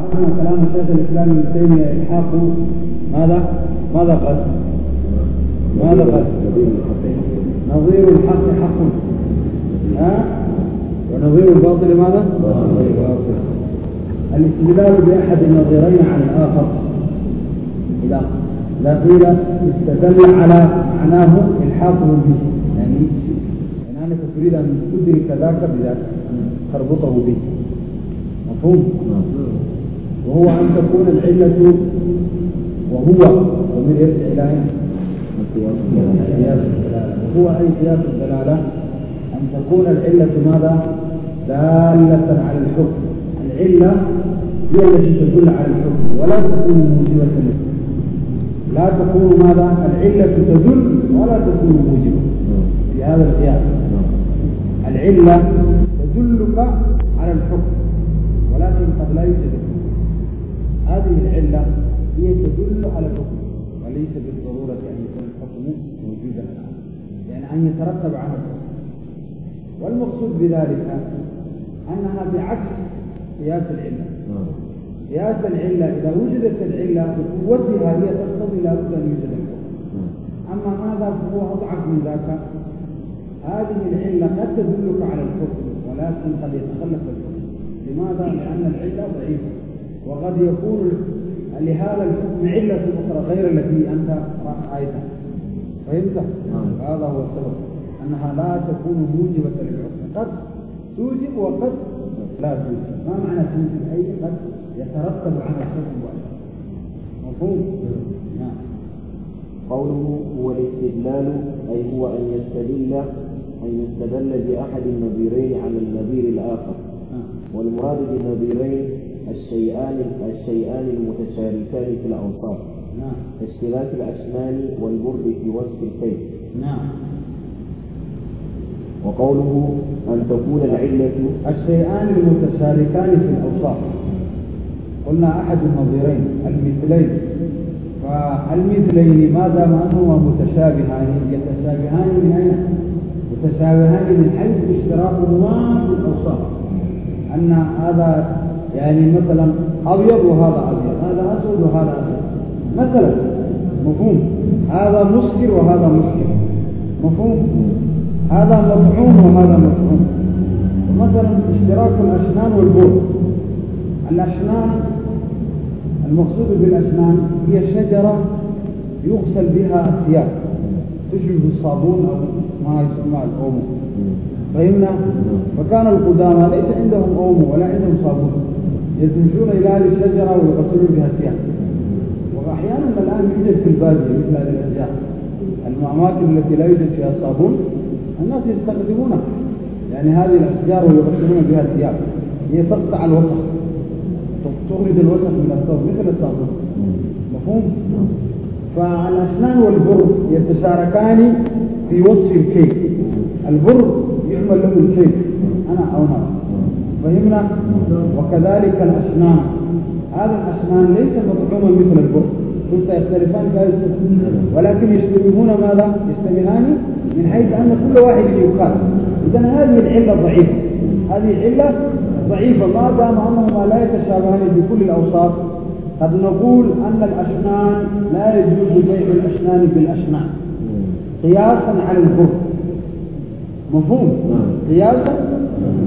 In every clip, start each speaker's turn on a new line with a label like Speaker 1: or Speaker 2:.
Speaker 1: عندنا كلام شيخ الاسلام ابن تيميه الحاقه ماذا؟ ماذا قال؟ ماذا قال؟ نظير الحق حق ها؟ ونظير الباطل ماذا؟ باطل الاستدلال باحد النظيرين عن الاخر اذا لا قيل استدل على معناه الحاقه به يعني, يعني انك تريد أن تدرك ذاك بذاك تربطه به مفهوم؟ وهو أن تكون العلة وهو ومن يرجع إلى وهو أي قياس الدلالة أن تكون العلة ماذا؟ دالة على الحكم العلة هي التي تدل على الحكم ولا تكون موجبة له لا تكون ماذا؟ العلة تدل ولا تكون موجبة في هذا القياس العلة تدلك على الحكم ولكن قد لا يوجد هذه العلة هي تدل على الحكم وليس بالضرورة أن يكون الحكم موجودا يعني أن يترتب على الحكم والمقصود بذلك أنها بعكس قياس العلة قياس العلة إذا وجدت العلة بقوتها هي تقتضي لابد أن يوجد الحكم أما ماذا فهو أضعف من ذاك هذه العلة قد تدلك على الحكم ولكن قد يتخلف الحكم لماذا؟ لأن العلة ضعيفة وقد يكون لهذا الحكم علة أخرى غير التي أنت رأيتها فهمت؟ نعم. هذا هو السبب أنها لا تكون موجبة للحكم قد توجب وقد لا توجب ما معنى توجب أي قد يترتب على الحكم وأشياء مفهوم؟ نعم قوله هو الاستدلال أي هو أن يستدل أن يستدل بأحد النظيرين على النظير الآخر نعم. والمراد بالنظيرين الشيئان الشيئان المتشاركان في الأوصاف نعم اشتراك الأسنان والبرد في وصف الكيف نعم وقوله أن تكون العلة الشيئان المتشاركان في الأوصاف قلنا أحد النظيرين المثلين فالمثلين ما هما متشابهان يتشابهان من أين؟ متشابهان من حيث اشتراكهما في الأوصاف أن هذا يعني مثلا أبيض وهذا أبيض هذا أسود وهذا أسود مثلا مفهوم هذا مسكر وهذا مسكر مفهوم هذا مطعوم وهذا مطعوم مثلا اشتراك الأسنان والبول الأسنان المقصود بالأسنان هي شجرة يغسل بها الثياب تشبه الصابون أو ما يسمى الأومو فهمنا فكان القدامى ليس عندهم أومو ولا عندهم صابون يدمجون إلى هذه الشجرة ويغسلون بها الثياب وأحيانا الآن يوجد في البادية مثل هذه الأشياء الأماكن التي لا يوجد فيها صابون الناس يستخدمونها يعني هذه الأشجار ويغسلون بها الثياب هي تقطع الوسخ تخرج الوسخ من الثوب مثل الصابون مفهوم؟ فالأسنان والبر يتشاركان في وصف الكيك البر يعمل له الكيك أنا أو نار فهمنا وكذلك الأسنان هذا الأسنان ليس مطعوما مثل البر كنت يختلفان كالسوء ولكن يشتبهون ماذا؟ يشتبهان من حيث أن كل واحد يقال إذا هذه العلة ضعيفة هذه علة ضعيفة ما دام أنهما لا يتشابهان بكل الأوصاف قد نقول أن الأسنان لا يجوز بيع الأسنان بالأسنان قياسا على البر مفهوم نعم. قياسا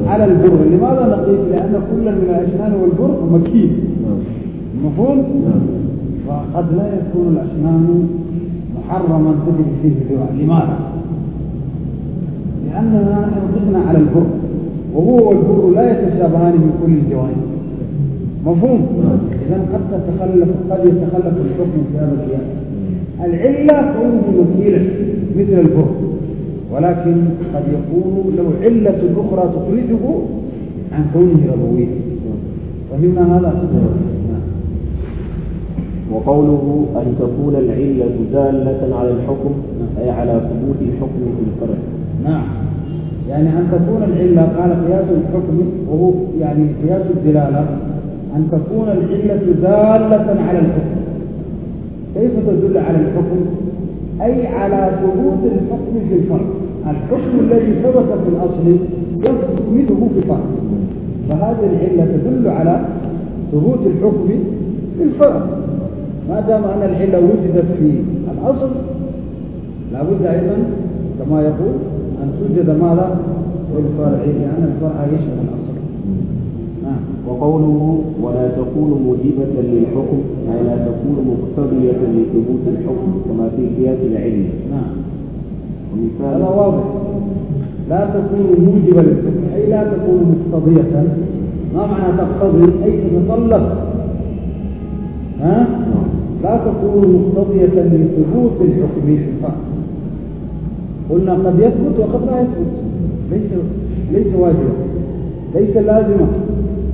Speaker 1: على البر لماذا نقيس لأن كل من الأشنان والبر مكيف مفهوم فقد لا يكون الأشنان محرما تجد فيه سواء لماذا لأننا انقسنا على البر وهو والبر لا يتشابهان من كل الجوانب مفهوم إذا قد تتخلف قد يتخلف الحكم في هذا العلة كونه وكيلا مثل البر ولكن قد يكون له علة أخرى تخرجه عن كونه ربويا ومما هذا وقوله أن تكون العلة دالة على الحكم أي على ثبوت الحكم في الفرع نعم يعني أن تكون العلة قال قياس الحكم وهو يعني قياس الدلالة أن تكون العلة دالة على الحكم كيف تدل على الحكم أي على ثبوت الحكم في الفرع الحكم الذي ثبت في الأصل يثبت منه في الفرع فهذه العلة تدل على ثبوت الحكم في الفرع ما دام أن العلة وجدت في الأصل لابد أيضا كما يقول أن توجد ماذا في الفرع لأن الفرع يشمل الأصل وقوله ولا تكون موجبة للحكم أي لا تكون مقتضية لثبوت الحكم كما في سياق العلم نعم ومثال هذا واضح لا تكون موجبة للحكم أي لا تكون مقتضية ما معنى تقتضي أي تتطلب ها؟ نعم. لا تكون مقتضية لثبوت الحكم قلنا قد يثبت وقد لا يثبت ليس ليس واجبا ليس لازما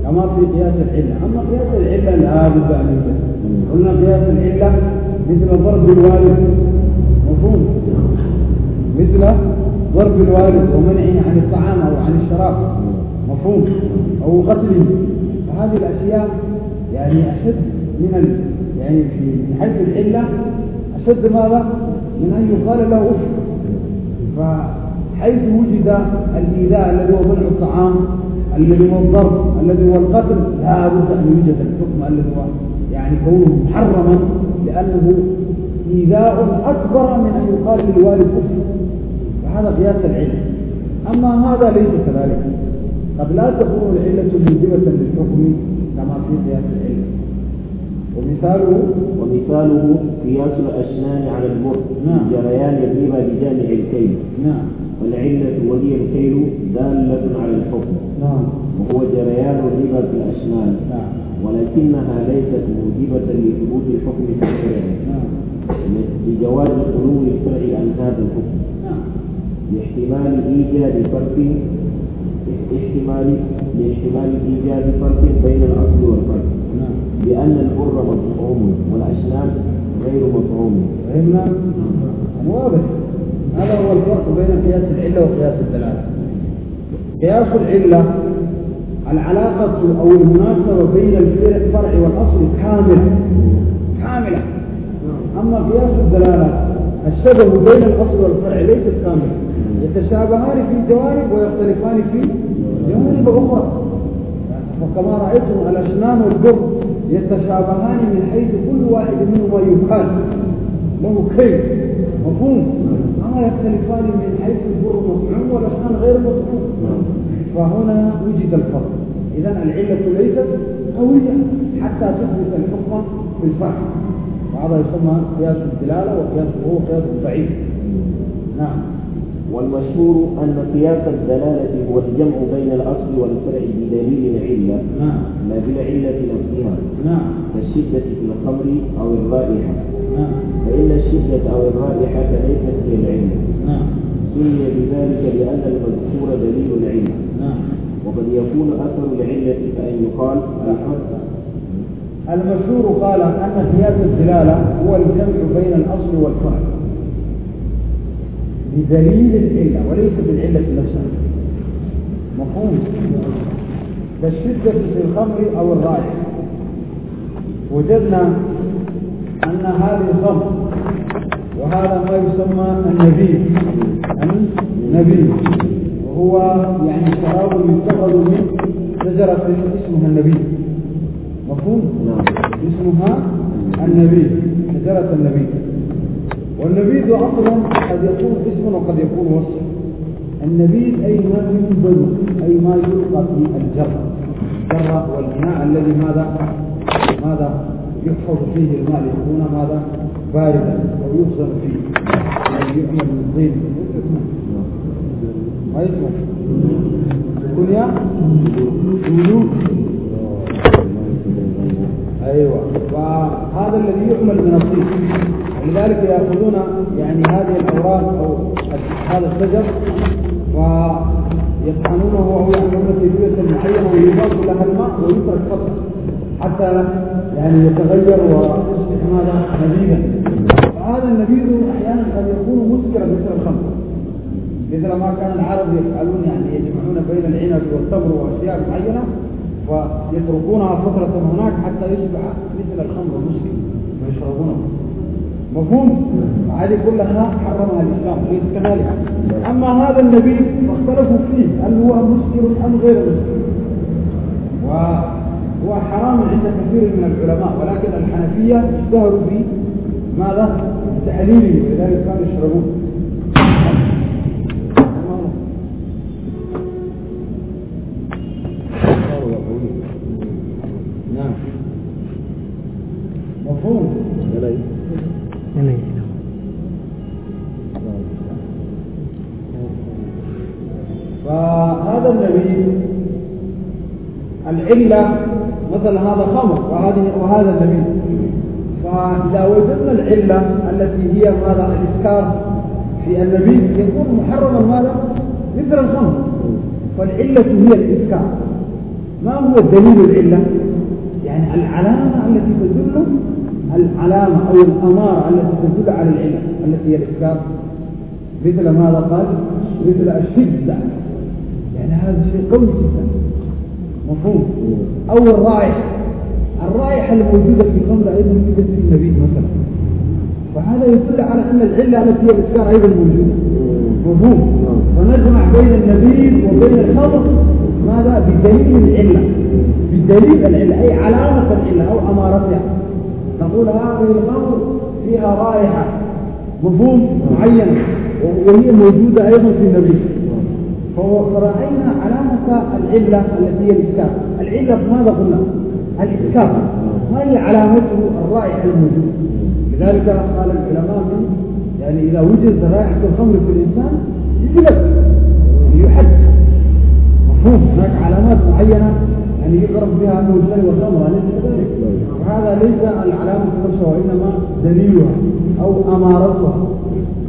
Speaker 1: كما في قياس العلة أما قياس العلة لا بد أن قلنا قياس العلة مثل ضرب الوالد مفهوم مثل ضرب الوالد ومنعه عن الطعام أو عن الشراب مفهوم أو قتله فهذه الأشياء يعني أشد من يعني في حيث العلة أشد ماذا من أن يقال له أف فحيث وجد الإيذاء الذي هو منع الطعام الذي هو الضرب الذي هو القتل لا بد أن يوجد الحكم الذي هو يعني كونه محرما لأنه إيذاء أكبر من أن يقال للوالد كفر فهذا قياس العلم أما هذا ليس كذلك قد لا تكون العلة موجبة للحكم كما في قياس العلم ومثاله ومثاله قياس الأسنان على المر نعم جريان الربا بجامع الكيل نعم والعلة وهي الكيل دالة على الحكم نعم وهو جريان الربا في الأشمال نعم ولكنها ليست موجبة لثبوت الحكم في الشرع نعم لجواز خلو الشرع عن هذا الحكم نعم لاحتمال إيجاد فرق احتمال لاحتمال إيجاد فرق بين الأصل والفرق نعم لأن الحر مطعوم والأشلام غير مطعوم فهمنا؟ واضح هذا هو الفرق بين قياس العلة وقياس الدلالة قياس العلة العلاقة أو المناسبة بين الفرع والأصل كاملة كاملة أما قياس الدلالة الشبه بين الأصل والفرع ليس كاملا يتشابهان في جوانب ويختلفان في جوانب أخرى وكما رأيتم الأسنان والجر يتشابهان من حيث كل واحد منهما يقال له كيف مفهوم ما يختلفان من حيث البر مطعوم والأسنان غير مطعوم فهنا وجد الفرق إذا العلة ليست قوية حتى تثبت الحكم في الفحم وهذا يسمى قياس الدلالة وقياس وهو قياس الضعيف نعم والمشهور أن قياس الدلالة هو الجمع بين الأصل والفرع بدليل العلة نعم لا بالعلة نفسها نعم كالشدة في الخمر أو الرائحة نعم فإن الشدة أو الرائحة ليست هي العلة نعم سمي بذلك لأن المذكور دليل العلة نعم وقد يكون أثر العلة فإن يقال الحد المشهور قال أن قياس الدلالة هو الجمع بين الأصل والفرع بدليل العلة وليس بالعلة نفسها مفهوم كالشدة في الخمر أو الراية وجدنا أن هذا الخمر وهذا ما يسمى النبي النبي وهو يعني شراب يتخذ من شجرة اسمها النبي مفهوم؟ نعم اسمها النبي شجرة النبي والنبيذ أصلا قد يكون اسما وقد يكون وصفا النبيذ أي ما ينبذ أي ما يلقى في الجر الجر والإناء الذي ماذا ماذا يحفظ فيه الماء ليكون ماذا باردا ويخزن فيه يعني يعمل من طين ما يسمع كنيا طولو ايوه فهذا الذي يعمل من الطين لذلك يأخذون يعني هذه الأوراق أو هذا الشجر ويطحنونه أو يعملون في بيئة معينة ويضاف لها الماء ويترك فترة حتى يعني يتغير ويصبح ماذا نبيذا فهذا النبيذ أحيانا قد يكون مسكرا مثل الخمر مثل ما كان العرب يفعلون يعني يجمعون بين العنب والتمر وأشياء معينة ويتركونها فترة هناك حتى يصبح مثل الخمر المسلم ويشربونه مفهوم هذه كلها حرمها الإسلام ليس كذلك أما هذا النبي فاختلفوا فيه هل هو مسكر أم غير مسكر وهو حرام عند كثير من العلماء ولكن الحنفية اشتهروا بماذا؟ بتحليله لذلك كانوا يشربون إلا مثلا هذا خمر وهذه وهذا نبيذ فإذا وجدنا العلة التي هي ماذا الإذكار في النبيذ يكون محرما ماذا مثل الخمر فالعلة هي الإذكار ما هو دليل العلة يعني العلامة التي تدل العلامة أو الأمارة التي تدل على العلة التي هي الإذكار مثل ماذا قال مثل الشدة يعني هذا شيء قوي جدا مفهوم أو الرائحة الرائحة الموجودة في الخمر أيضا في في النبيذ مثلا فهذا يدل على أن العلة التي هي الإسكار أيضا موجودة مفهوم ونجمع بين النبيذ وبين الخمر ماذا بدليل العلة بدليل العلة أي علامة العلة أو أمارتها نقول هذه الخمر فيها رائحة مفهوم معين وهي موجودة أيضا في النبيذ فرأينا حتى العلة التي هي الإسكاف العلة ماذا قلنا؟ الإسكاف ما هي علامته الرائحة الموجودة لذلك قال العلماء يعني إذا وجدت رائحة الخمر في الإنسان يجلس يحد مفهوم هناك علامات معينة يعني يعرف بها أنه شيء والخمر أليس كذلك؟ هذا ليس العلامة نفسها وإنما دليلها أو أمارتها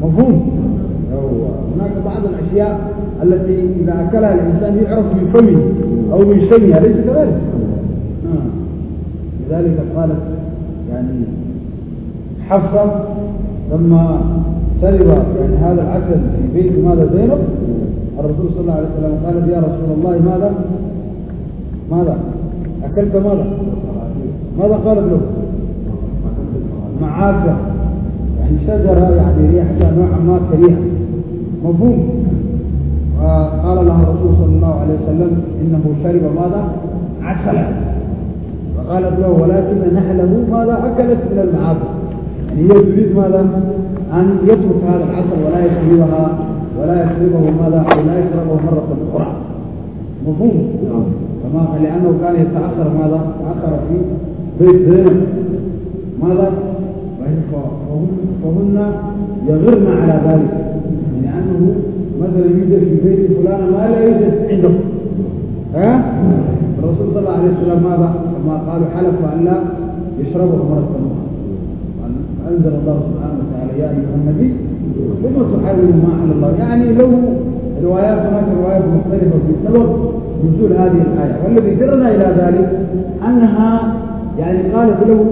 Speaker 1: مفهوم هناك بعض الأشياء التي إذا أكلها الإنسان يعرف من فمه أو من شيء أليس كذلك؟ نعم. لذلك قالت يعني حفصة لما شرب يعني هذا العسل في بيت ماذا زينب الرسول صلى الله عليه وسلم قالت يا رسول الله ماذا ماذا أكلت ماذا ماذا قالت له معاك الشجرة يعني ريحة نوعا ما كريهة مفهوم وقال لها الرسول صلى الله عليه وسلم إنه شرب ماذا؟ عسلا فقالت له ولكن نحله ماذا أكلت من المعاصي يعني هي تريد ماذا؟ أن يترك هذا العسل ولا يشربها ولا يشربه ماذا ولا يشربه مرة أخرى مفهوم؟ نعم لأنه كان يتأخر ماذا؟ تأخر في بيت زينب ماذا؟ فهن يغرن على ذلك لأنه مثلا يوجد في بيت فلان ما لا يوجد عنده ها؟ الرسول صلى الله عليه وسلم ماذا؟ كما قالوا حلف أن لا يشربوا خمر التمر أنزل الله سبحانه وتعالى يا أيها النبي لما تحرم ما على الله يعني لو روايات هناك روايات مختلفة في سبب نزول هذه الآية والذي جرنا إلى ذلك أنها يعني قالت له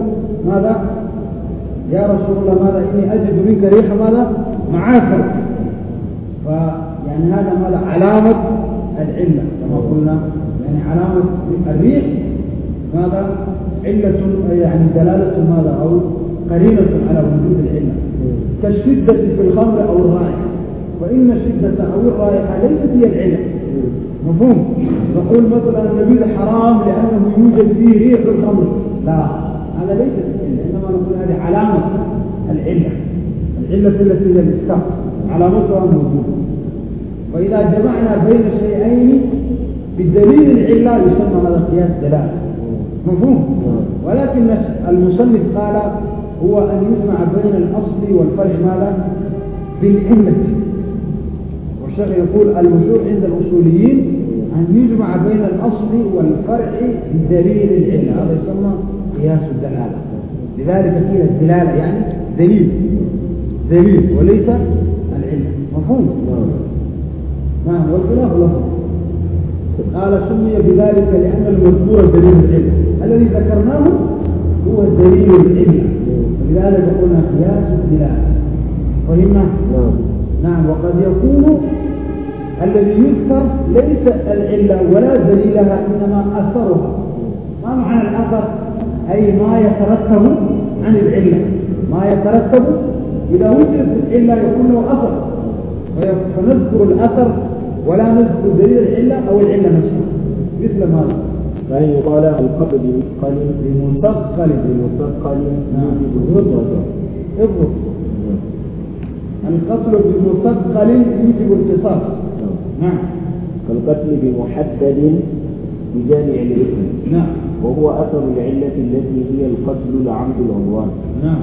Speaker 1: ماذا؟ يا رسول الله ماذا إني أجد منك ريح ماذا معاكر فيعني هذا ماذا علامة العلة كما قلنا يعني علامة الريح ماذا علة يعني دلالة ماذا أو قرينة على وجود العلة كالشدة في الخمر أو الرائحة وإن الشدة أو الرائحة ليست هي العلة مفهوم نقول مثلا النبيذ حرام لأنه يوجد فيه ريح الخمر لا هذا ليس انما نقول هذه علامه العله العله التي هي الاشكال علامتها موجوده وإذا جمعنا بين الشيئين بدليل العله يسمى هذا قياس دلاله مفهوم ولكن المصنف قال هو ان يجمع بين الاصل والفرع ماذا بالعله والشيخ يقول المشهور عند الاصوليين أن يجمع بين الأصل والفرع بدليل العلة هذا يسمى قياس الدلالة لذلك فيها الدلالة يعني دليل دليل وليس العلم مفهوم نعم والخلاف لفظ قال سمي بذلك لأن المذكور دليل العلم الذي ذكرناه هو دليل العلم ولذلك قلنا قياس الدلالة فهمنا؟ نعم, نعم. وقد يكون الذي يذكر ليس العلة ولا دليلها إنما أثرها أي ما يترتب عن العلة ما يترتب إذا وجدت العلة يكون له أثر فنذكر الأثر ولا نذكر دليل العلة أو العلة نفسها مثل ماذا؟ فإن يقال القبل بمثقل بمثقل بمثقل يوجب الرضا اضرب القتل بمثقل نعم. يوجب القصاص نعم كالقتل بمحدد بجامع الإثم نعم وهو أثر العلة التي هي القتل لعمد العدوان نعم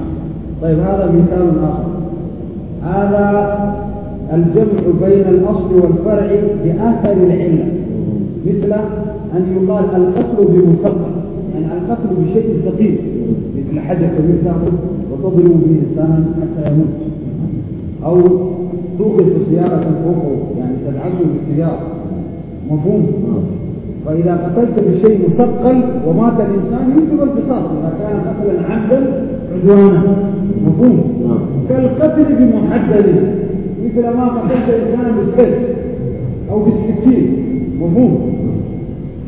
Speaker 1: طيب هذا مثال آخر هذا الجمع بين الأصل والفرع بأثر العلة مثل أن يقال القتل بمسبب يعني القتل بشيء ثقيل مثل حدث مثله وتضرب به إنسانا حتى يموت أو توقف سيارة فوقه يعني تدعسه بالسيارة مفهوم نعم. فإذا قتلت بشيء مثقل ومات الإنسان يجب القصاص إذا كان قتلا عمدا عدوانا مفهوم نعم. كالقتل بمحدد مثل ما قتلت إنسانا بالسيف أو بالسكين مفهوم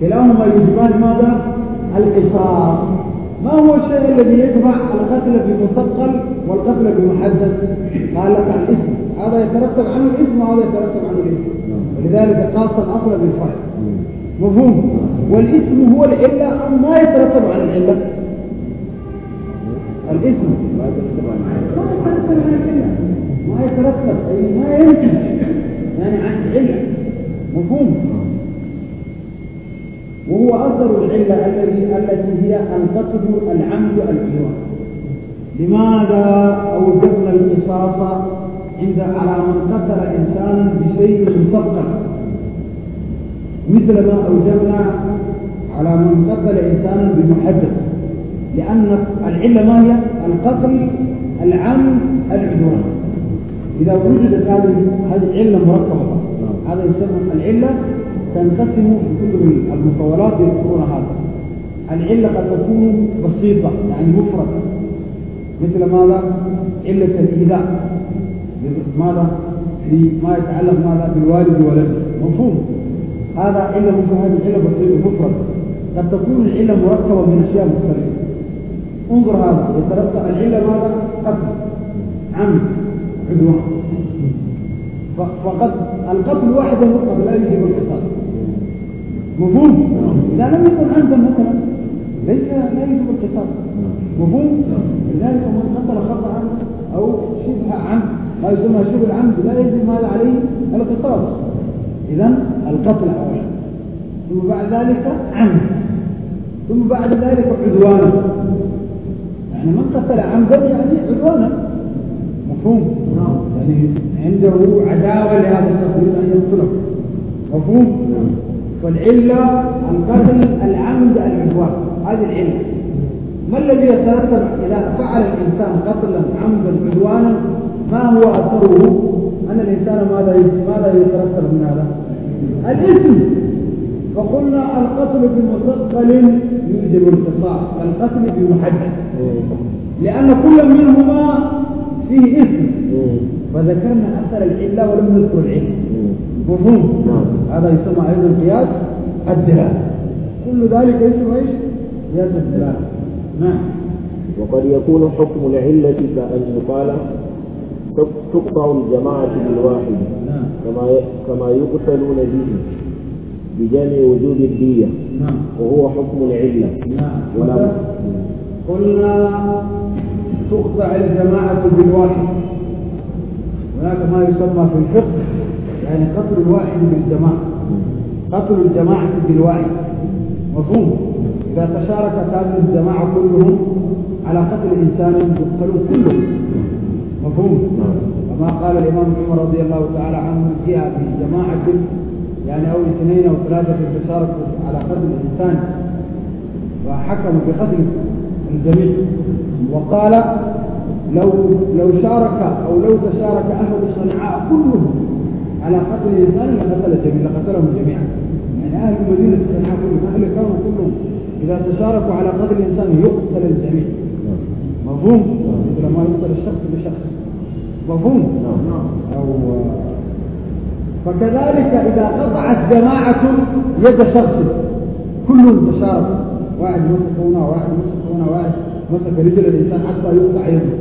Speaker 1: كلاهما يجبان ماذا؟ القصاص ما هو الشيء الذي يجمع القتل بمثقل والقتل بمحدد؟ قال لك الإثم هذا يترتب عنه الاسم وهذا يترتب عنه الاسم نعم. ولذلك خاص الأصل بالفعل نعم. مفهوم والاسم هو العلة أم ما يترتب على العلة الاسم ما يترتب على العلة ما يترتب أي ما ينتج يعني عن العلة مفهوم وهو أصدر العلة التي التي هي القتل العمد الجوار لماذا أوجبنا القصاص عند على من قتل إنسانا بشيء مسقط مثل ما أوجبنا على من قتل إنسانا بمحدد لأن العلة ما هي؟ القتل العام العدوان إذا وجدت هذه هذه العلة مركبة هذا يسمى العلة تنقسم كل المطولات يذكرون هذا العلة قد تكون بسيطة يعني مفردة مثل ماذا؟ علة الإيذاء ماذا؟ في ما يتعلق ماذا بالوالد وولده مفهوم هذا علم مثل هذه العلة مفرد قد تكون العلة مركبة من أشياء مختلفة انظر هذا يترتب العلة ماذا؟ قتل عمد عدوان فقد القتل واحد مفرد لا يجب القتال مفهوم؟ إذا لم يكن عمدا مثلا ليس لا يجب القتال مفهوم؟ لذلك من قتل خطأ أو شبه عمد ما يسمى شبه العمد لا يجب ماذا عليه القتال إذا القتل أولا ثم بعد ذلك عمد ثم بعد ذلك عدوانا يعني من قتل عمدا يعني عدوانا مفهوم نعم. يعني عنده عداوة لهذا التقليد أن يقتله مفهوم فالعلة نعم. القتل العمد العدوان هذه العلة ما الذي يترتب إذا فعل الإنسان قتلا عمدا عدوانا ما هو أثره أن الإنسان ماذا ماذا يترتب من هذا؟ الاسم فقلنا القتل بمثقل يوجب انقطاع القتل بمحدد لأن كل منهما فيه اسم فذكرنا أثر العلة ولم نذكر العلة مفهوم نعم. هذا يسمى أيضا قياس الدلالة كل ذلك اسمه ايش؟ قياس الدلالة نعم وقد يكون حكم العلة كأن يقال تقطع الجماعة بالواحد كما كما يقتلون به بجمع وجود الدية وهو حكم العلة ولا قلنا تقطع الجماعة بالواحد هناك ما يسمى في الفقه يعني قتل الواحد بالجماعة قتل الجماعة بالواحد مفهوم إذا تشاركت هذه الجماعة كلهم على قتل إنسان يقتلون كلهم مفهوم كما نعم. قال الإمام عمر رضي الله تعالى عنه جاء في جماعة يعني أو اثنين أو ثلاثة تشاركوا على قتل الإنسان وحكموا بقتل الجميع وقال لو لو شارك أو لو تشارك أهل صنعاء كلهم على قتل الإنسان لقتل الجميع لقتلهم جميعا يعني أهل مدينة صنعاء كلهم أهل الكون كلهم إذا تشاركوا على قتل الإنسان يقتل الجميع نعم. مفهوم ما يوصل الشخص بشخص مفهوم نعم. أو فكذلك إذا قطعت جماعة يد شخص كل تشارك واحد مسك هنا واحد مسك هنا واحد مسك رجل الإنسان حتى يقطع يده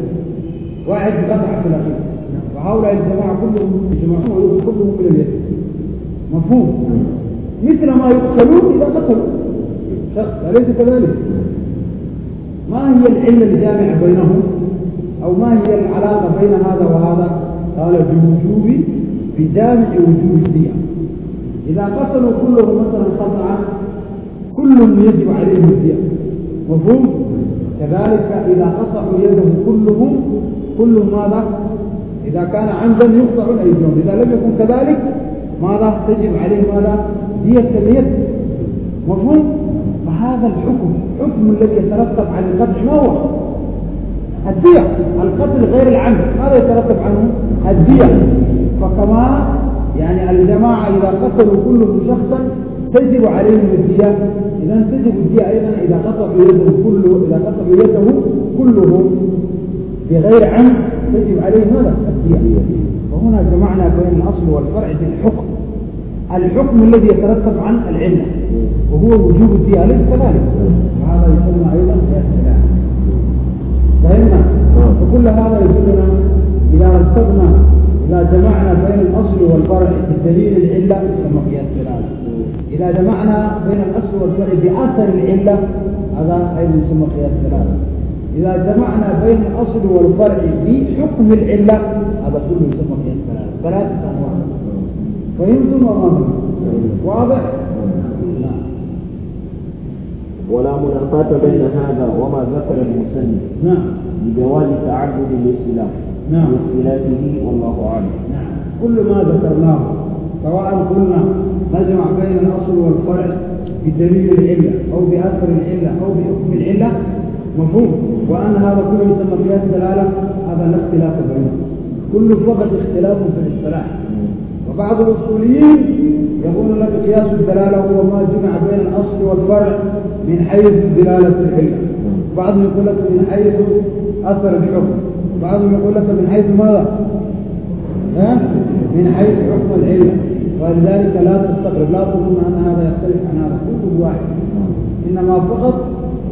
Speaker 1: واحد قطع في الأخير نعم. وهؤلاء الجماعة كلهم يجمعون كلهم من اليد مفهوم مثل ما يقتلون إذا قتلوا شخص أليس كذلك؟ ما هي العلة الجامعة بينهم؟ أو ما هي العلاقة بين هذا وهذا قال بوجوب بجامع وجوب الدية إذا قتلوا كلهم مثلا قطعا كل يجب عليهم الدية مفهوم كذلك إذا قطعوا يدهم كلهم كل ماذا إذا كان عمدا يقطع الأيديون إذا لم يكن كذلك ماذا تجب عليه ماذا دية اليد مفهوم فهذا الحكم الحكم الذي يترتب على القتل ما هو الدية القتل غير العمد ماذا يترتب عنه الدية فكما يعني الجماعة إذا قتلوا كلهم شخصا تجب عليهم الدية إذا تجب الدية أيضا إذا قطعوا يده كله إذا قطعوا يده كله بغير عمد تجب عليه ماذا الدية وهنا جمعنا بين الأصل والفرع في الحكم الحكم الذي يترتب عن العلة وهو وجوب الدية أليس كذلك وهذا يسمى أيضا الدية وكل هذا يدلنا إذا رتبنا إذا جمعنا بين الأصل والفرع في دليل العلة يسمى قياس دلالة إذا جمعنا بين الأصل والفرع بأثر العلة هذا أيضا يسمى قياس دلالة إذا جمعنا بين الأصل والفرع بحكم العلة هذا كله يسمى قياس دلالة ثلاثة أنواع فهمتم وما نعم. واضح؟ ولا منافاة بين هذا وما ذكر المسلم نعم بجواز تعدد الاختلاف نعم واختلافه والله اعلم نعم كل ما ذكرناه سواء قلنا نجمع بين الاصل والفرع بدليل العله او باثر العله او بحكم العله مفهوم وان هذا كله يسمى قياس الدلاله هذا لا اختلاف بينه كل فقط اختلاف في الاصطلاح وبعض الاصوليين يقول لك قياس الدلاله هو ما جمع بين الاصل والفرع من حيث دلاله العلم بعضهم يقول لك من حيث اثر الحكم بعضهم يقول لك من حيث ماذا؟ ها؟ من حيث حكم العله ولذلك لا تستغرب لا تظن ان هذا يختلف عن هذا كله واحد انما فقط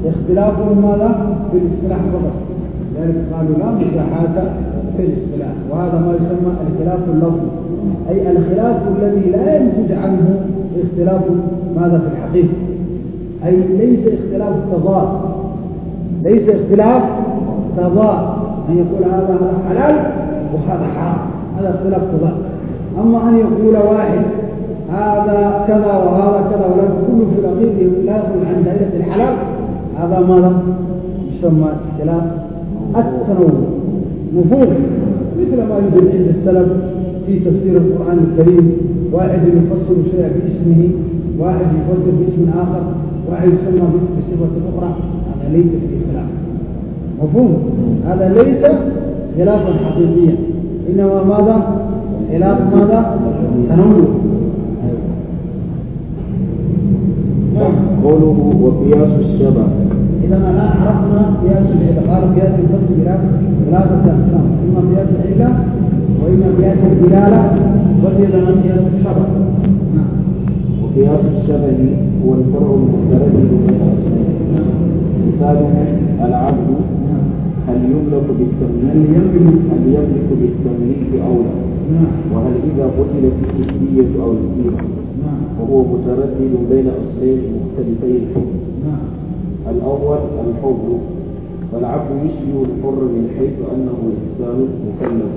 Speaker 1: اختلافهم ماذا؟ في الاصطلاح فقط لذلك قالوا لا مساحات في الاختلاف وهذا ما يسمى الخلاف اللفظي أي الخلاف الذي لا ينتج عنه اختلاف ماذا في الحقيقة أي ليس اختلاف تضاد ليس اختلاف تضاد أن يقول هذا حلال وهذا حرام هذا اختلاف تضاد أما أن يقول واحد هذا كذا وهذا كذا ولكن كله في الأخير لا عن دائرة الحلال هذا ماذا يسمى اختلاف أكثر نفوذ مثل ما يوجد عند السلف في تفسير القرآن الكريم واحد يفسر شيئا باسمه واحد يفسر باسم آخر واحد يسمى بصفة أخرى هذا ليس في خلاف مفهوم هذا ليس خلافا حقيقيا إنما ماذا؟ خلاف ماذا؟ تنوع قوله وقياس الشبه إذا الآن عرفنا قياس العلة قالوا قياس الفصل بلا أقسام، إما قياس العلة وإما قياس الدلالة وإذا قياس الشبه نعم. وقياس الشبه هو الفرع المختلف مثال العبد نعم. هل يملك بالتمليك هل يملك بالتمليك أو لا نعم. وهل إذا قتلت الكلية أو نعم. وهو متردد بين أصلين مختلفي الحكم الأول الحر فالعبد يشبه الحر من حيث أنه إنسان مكلف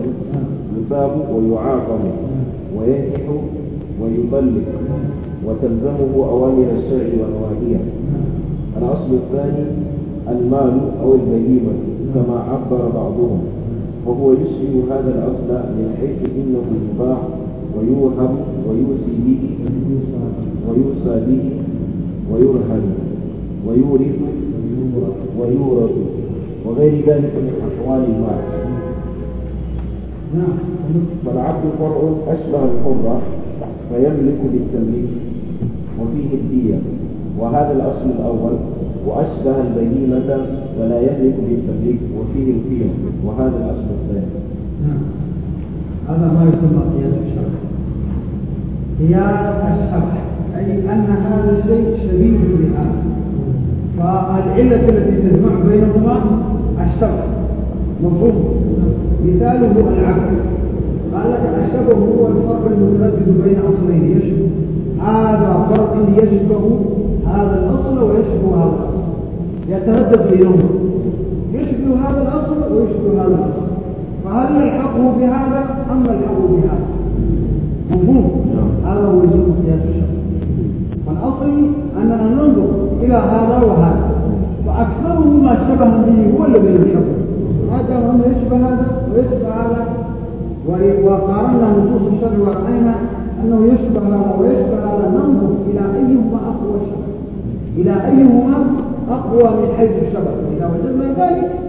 Speaker 1: يثاب ويعاقب وينكح ويبلغ وتلزمه أوامر الشرع ونواهيه الأصل الثاني المال أو البهيمة كما عبر بعضهم وهو يشبه هذا الأصل من حيث إنه يباع ويوهب ويوصي به ويوصى به ويرهب ويورث ويورث وغير ذلك من أقوال المال نعم. فالعبد فرع أشبه الحرة فيملك بالتمليك وفيه الدية وهذا الأصل الأول وأشبه البهيمة ولا يملك بالتمليك وفيه القيم وهذا الأصل الثاني نعم هذا ما يسمى قياس الشرع قياس الشرع أي أن هذا الشيء شبيه بهذا فالعلة التي تجمع بينهما الشرط مفهوم مثاله العقل قال لك الشبه هو الفرق المتردد بين أصلين يشبه هذا فرق يشبه هذا الأصل ويشبه هذا الأصل يتردد بينهما يشبه هذا الأصل ويشبه هذا الأصل فهل الحق بهذا أم الحق بهذا مفهوم نعم. هذا هو يسمى قياس الشرع الأصلي أننا ننظر إلى هذا وهذا وأكثره ما شبه به هو الذي يشبه هذا هم يشبه هذا ويشبه هذا وقارنا نصوص الشر والعين أنه يشبه هذا ويشبه هذا ننظر إلى أيهما أقوى شبه إلى أيهما أقوى من حيث الشبه إذا وجدنا ذلك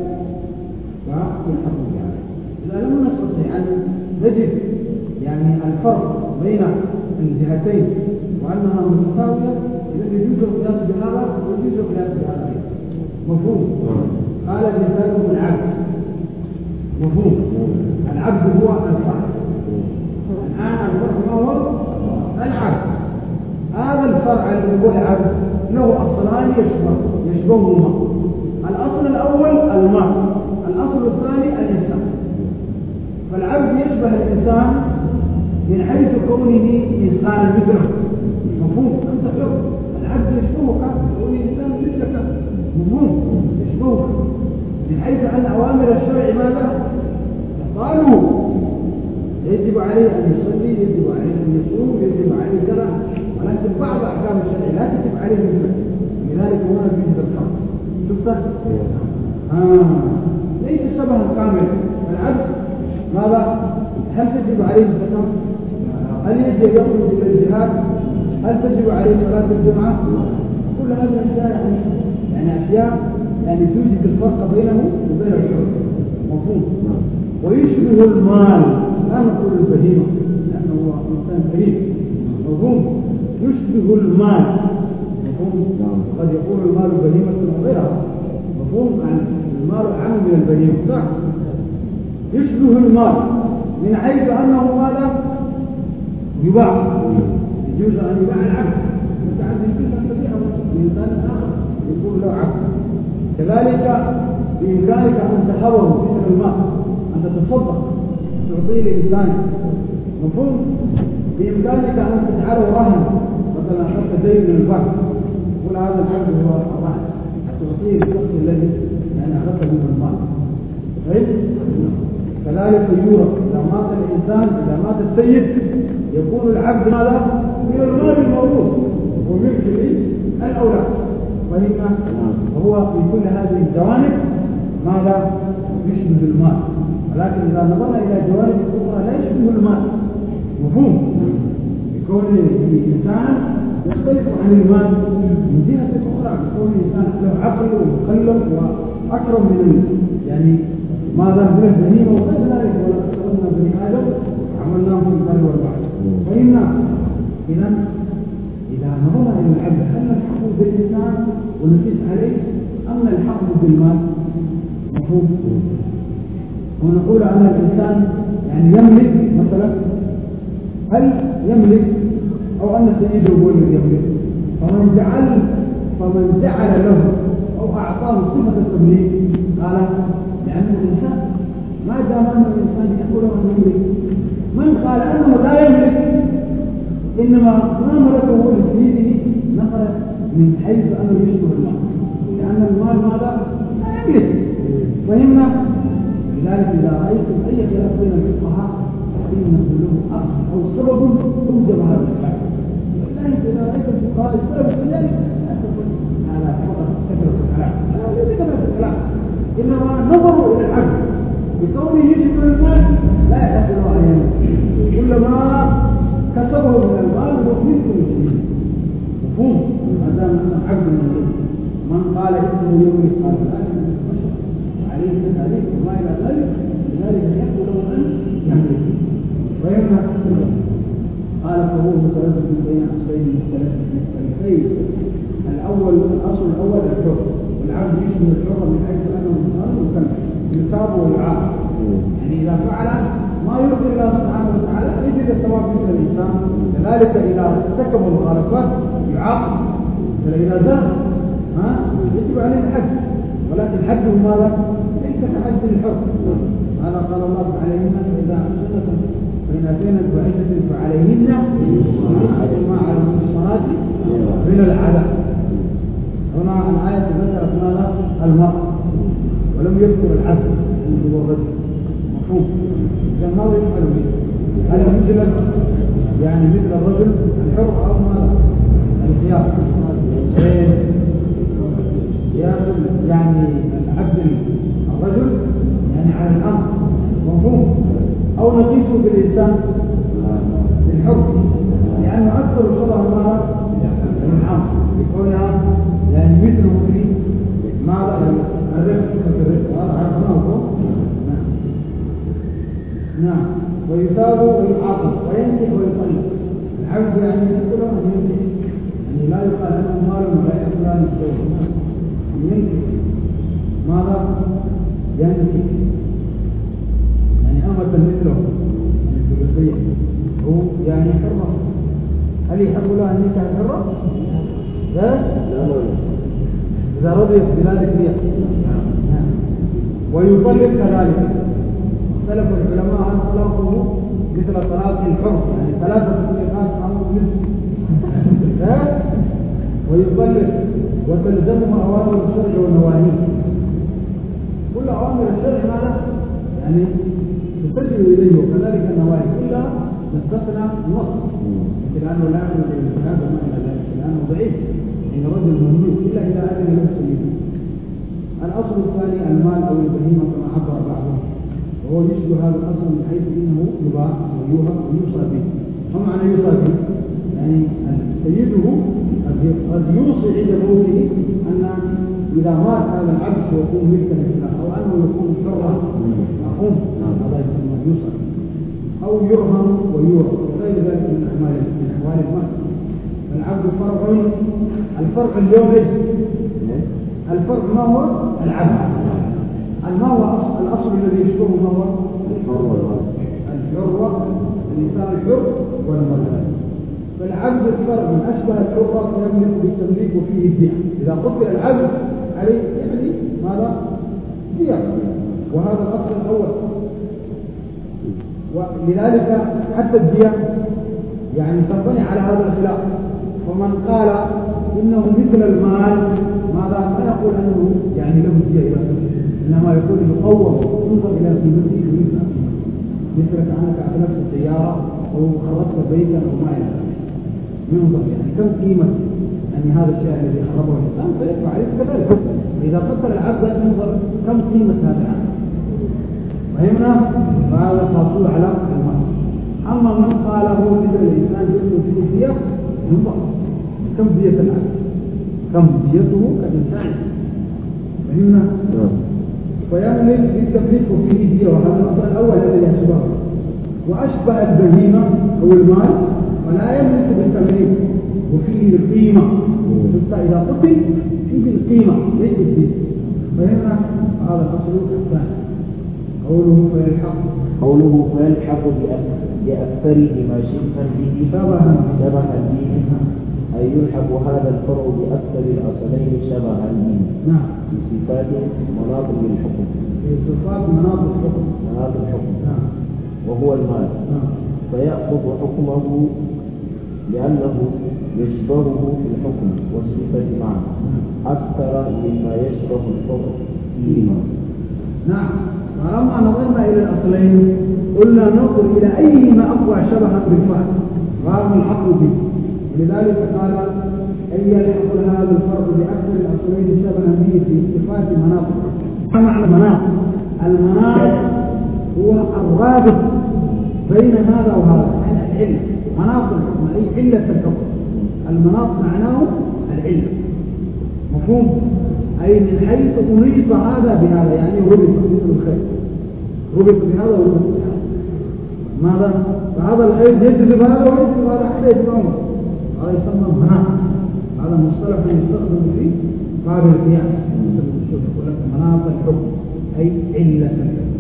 Speaker 1: بين الجهتين وأنها متساوية إذا يجوز القياس بهذا ويجوز القياس بهذا مفهوم
Speaker 2: نعم.
Speaker 1: قال المثال العبد
Speaker 2: مفهوم العبد هو الفرد
Speaker 1: الآن الفرد ما هو؟ العبد هذا الفرع الذي هو العبد له أصلان يشبه يشبههما الأصل الأول المرء الأصل الثاني الإنسان فالعبد يشبه الإنسان من حيث كونه إنسان بكرة مفهوم أنت شوف العبد يشبهك يقول الإنسان مثلك مفهوم يشبهك من حيث أن أوامر الشرع ماذا؟ قالوا يجب عليه أن يصلي يجب عليه أن يصوم يجب عليه كذا ولكن بعض أحكام الشرع لا تجب عليه مثلك لذلك هنا في الخمر شفت؟ آه ليس شبها الكامل العبد ماذا؟ هل تجب عليه الزكاة؟ هل يجب يخرج الى الجهاد؟ هل تجب عليه صلاه الجمعه؟ كل هذا اشياء يعني يعني اشياء يعني توجد الفرق بينه وبين الحر مفهوم ويشبه المال لا نقول البهيمه لانه هو انسان كريم مفهوم يشبه المال مفهوم قد يكون المال بهيمه وغيرها مفهوم يعني المال اعم من البهيمه صح يشبه المال من حيث انه ماذا يباع يجوز أن يباع العبد متعدي يجوز أن تبيعه بإنسان آخر يكون له عبد كذلك بإمكانك أن تحوله مثل الماء أن تتصدق تعطيه لإنسان مفهوم بإمكانك أن تجعله رهن مثلا حتى دين من البحر يقول هذا العبد هو الرهن تعطيه الشخص الذي يعني أخذته من الماء فهمت؟ طيب؟ كذلك يورث إذا مات الإنسان إذا مات السيد يكون العبد ماذا؟ من المال الموروث وملك الأولاد فهنا هو في كل هذه الجوانب ماذا؟ يشبه المال ولكن إذا نظرنا إلى جوانب أخرى لا يشبه المال مفهوم يكون الإنسان يختلف عن المال من جهة أخرى يكون الإنسان له عقل ومقلب وأكرم من يعني ما ذاك له بهيمه وغير ذلك ولقد بني ادم عملناهم الثاني والبحر فإن إذا إذا نظر إلى العبد هل الحق بالإنسان ونسيت عليه أم الحق بالمال مفهوم ونقول أن الإنسان يعني يملك مثلا هل يملك أو أن سيده هو الذي يملك فمن جعل فمن جعل له أو أعطاه صفة التمليك قال لأن الإنسان ما دام أن الإنسان يقول أنه يملك من قال أنه لا يملك إنما ما ملكه لسيده نقل من حيث أنه يشبه المال لأن المال ماذا؟ لا يملك فهمنا لذلك إذا رأيتم أي خلاف بين الفقهاء فإن كله أصل أو سبب أوجب هذا الخلاف لذلك إذا رأيت الفقهاء السبب في ذلك لا تقل على فقط كثرة الكلام لا وجود كثرة الكلام إنما نظر بكونه يجد الناس لا يحصل عليهم كل ما كسبه من المال هو مثل مفهوم ما دام حق من قال اسمه يوم قال عليه التكاليف وما الى ذلك لذلك يحصل له ان يملك ويمنع قال فهو متردد بين عصرين مختلفين الاول الاصل الاول الحكم العبد يشبه الحر من حيث انه مصاب وكم الكتاب والعاق يعني اذا فعل ما يرضي الله سبحانه وتعالى يجد الثواب مثل الانسان كذلك اذا ارتكب المخالفات يعاقب فاذا زاد ها يجب عليه الحد ولكن حده ماذا؟ ليس كحد الحر هذا قال الله عليهن فاذا انشدتم فان اتينا بفاحشه فعليهن ما على المحصنات من العذاب هنا الآية ذكرت ماذا؟ المرء ولم يذكر العبد الذي هو الرجل مفهوم إذا ماذا يفعل به؟ هل مثل يعني مثل الرجل الحر أو ما الخيار يأخذ يعني العبد الرجل يعني على الأمر مفهوم أو نقيسه بالإنسان بالحر لأنه يعني أكثر شبه ماذا؟ الحر بقولها نعم ويثاب ويعاقب وينكح ويطلق العبد يعني يقول ان ينكح يعني لا يقال له مال ولا يقال له زوج ان ينكح ماذا؟ ينكح يعني أمة مثله يعني في الثلثية هو يعني حرة هل يحب له أن ينكح حرة؟ لا لا إذا رضيت بذلك نعم ويطلق كذلك اختلف العلماء هل صلاته مثل صلاة الحر يعني ثلاثة طلقات عمرو مثل ويصلي وتلزمه أوامر الشرع والنواهي كل أوامر الشرع ماذا؟ يعني تسجل إليه وكذلك النواهي إلا نستثنى النص لأنه لا يعمل بالاجتهاد وما إلى ذلك لأنه ضعيف عند يعني رجل مملوك إلا إذا أذن له الأصل الثاني المال أو البهيمة كما عبر بعضهم وهو يشبه هذا الاصل من حيث انه يباع ويوهب ويوصى به فما معنى يوصى به؟ يعني سيده قد يوصي عند موته ان اذا مات هذا العبد سيكون ملكا لله او انه يكون حرا معقوم هذا يسمى يوصى او يرهم ويوهب وغير ذلك من اعمال من احوال المال العبد فرق الفرق اليوم ايش؟ الفرق ما هو؟ العبد ما هو الأصل الذي يشبهه ما هو؟ الحرة الإنسان الحر والمرأة فالعبد الفرد من أشبه الحرة يملك بالتمليك وفيه الدعاء إذا قتل العبد عليه يعني ماذا؟ دية وهذا الأصل الأول ولذلك حتى الدية يعني تنطني على هذا الخلاف فمن قال إنه مثل المال ماذا؟ ما أنه يعني له الدية إذا إنما يكون يقوم ينظر إلى قيمته مثل مثلك أنك أتلفت السيارة أو خربت بيتا أو ما إلى ذلك ينظر يعني كم قيمة أن يعني هذا الشيء الذي خربه الإنسان فيدفع عليه كذلك فإذا قتل العبد ينظر كم قيمة هذا العبد فهمنا فهذا تطلع على المال أما من قال هو مثل الإنسان جسمه في دية ينظر كم بيت العبد كم بيته كالإنسان فهمنا نعم. فيعمل التفريق فيه ديره وهذا النقطة الأول الذي يحسبه وأشبه البهيمة أو المال ولا يملك بالتمليك وفيه القيمة حتى إذا قتل فيه القيمة ليس الدين فهنا هذا الأصل الثاني قوله فيلحق قوله فيلحق بأكثر ما شبها به شبها به أي يلحق هذا الفرع بأكثر الأصلين منه نعم في صفات مناطق الحكم في صفات مناطق الحكم مناطق الحكم نعم وهو المال نعم فيأخذ حكمه لأنه يشبهه في الحكم والصفة معا نعم. أكثر مما يشبه الفرع فيهما نعم فلما نعم. نظرنا إلى الأصلين قلنا ننظر إلى أيهما أقوى شبها بالفعل غير الحق به لذلك قال أن يلحق هذا الفرق بأكثر الأصلين شبها به في صفات المناطق ما معنى المناطق؟ المناطق هو الرابط بين هذا وهذا العلم مناطق الحكم أي علة الحكم المناطق معناه العلم مفهوم؟ أي من حيث أريد هذا بهذا يعني ربط مثل الخير ربط بهذا وربط بهذا ماذا؟ فهذا الخير يجذب هذا ويجذب هذا حتى يجمعهم هذا يسمى مناع هذا مصطلح يستخدم في باب القياس مثل الشوف يقول لك مناط الحكم أي علة الحكم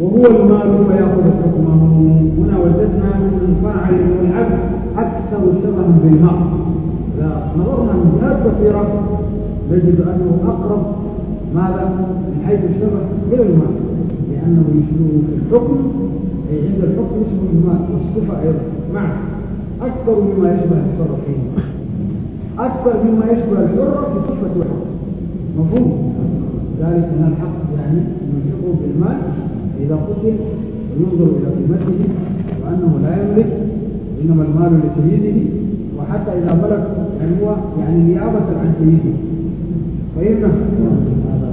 Speaker 1: وهو المال فيأخذ حكمه هنا وجدنا من الفاعل والعبد أكثر شبها بالمرء إذا نظرنا من كثيرة نجد أنه أقرب ماذا من حيث الشبه إلى المال لأنه يشبه في الحكم عند الحكم يشبه المال والصفة أيضا معنى أكثر مما يشبه الصرفين أكثر مما يشبه الحرة في صفة الحكم مفهوم ذلك من الحق يعني ينفقه بالمال إذا قتل وينظر إلى قيمته وأنه لا يملك إنما المال لسيده وحتى إذا بلغ يعني هو يعني نيابة عن سيده فإنه هذا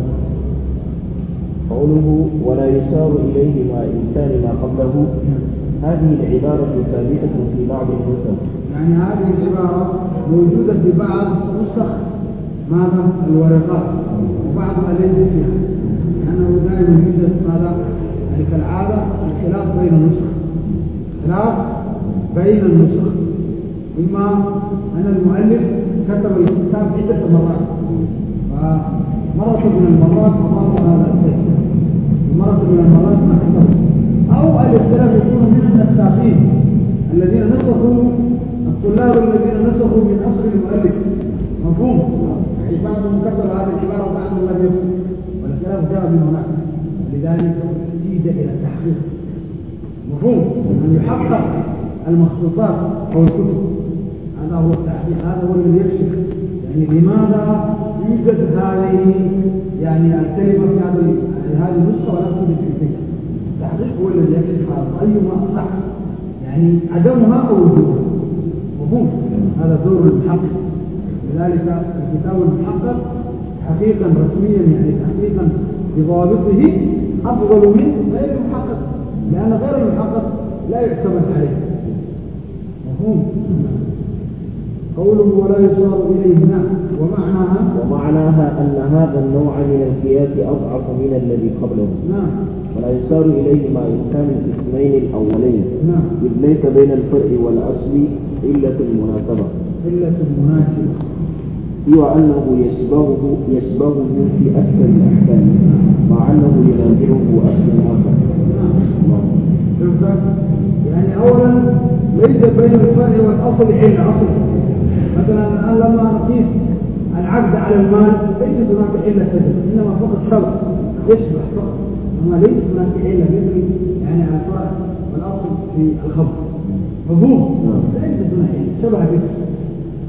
Speaker 1: قوله ولا يسار إليه مع إنسان ما قبله هذه العبارة ثابتة في بعض النسخ يعني هذه العبارة موجودة في بعض نسخ ماذا الورقات وبعضها ليس فيها لأنه دائما يوجد ماذا يعني كالعادة الخلاف بين النسخ خلاف بين النسخ إما أن المؤلف كتب الكتاب عدة مرات مرة من المرات أصاب هذا الشيء مرة من المرات ما حصل أو الاختلاف يكون من النساخين الذين نسخوا الطلاب الذين نسخوا من أصل المؤلف مفهوم بعضهم كتب هذا الكبار وبعضهم لم يكتب والاختلاف جاء من هناك لذلك احتيج إلى التحقيق مفهوم أن يحقق المخطوطات أو الكتب هذا هو التحقيق هذا هو الذي يكشف يعني لماذا يوجد هذه يعني الكلمة في هذه هذه النسخة ولا توجد في الفكر التحقيق هو الذي يكشف أيما أصح يعني عدمها أو وجودها مفهوم هذا دور المحقق لذلك الكتاب المحقق حقيقا رسميا يعني تحقيقا بضابطه أفضل من غير المحقق لأن غير المحقق لا يعتمد عليه مفهوم قوله ولا يشار إليهما ومعناها ومعناها أن هذا النوع من القياس أضعف من الذي قبله نعم ولا يشار إليهما ما كان الاثنين الأولين نعم إذ ليس بين الفرع والأصل إلا المناسبة إلا المناسبة سوى أنه يشبهه يشبهه في أكثر الأحكام مع أنه يناظره أصل آخر نعم يعني أولا ليس بين الفرع والأصل إلا أصل مثلا الان لما نقيس العقد على المال ليس هناك عله تجري انما فقط شرط يشبه فقط اما ليس هناك عله مثل يعني على الفرع والاصل في الخبر مفهوم ليس هناك عله شبه به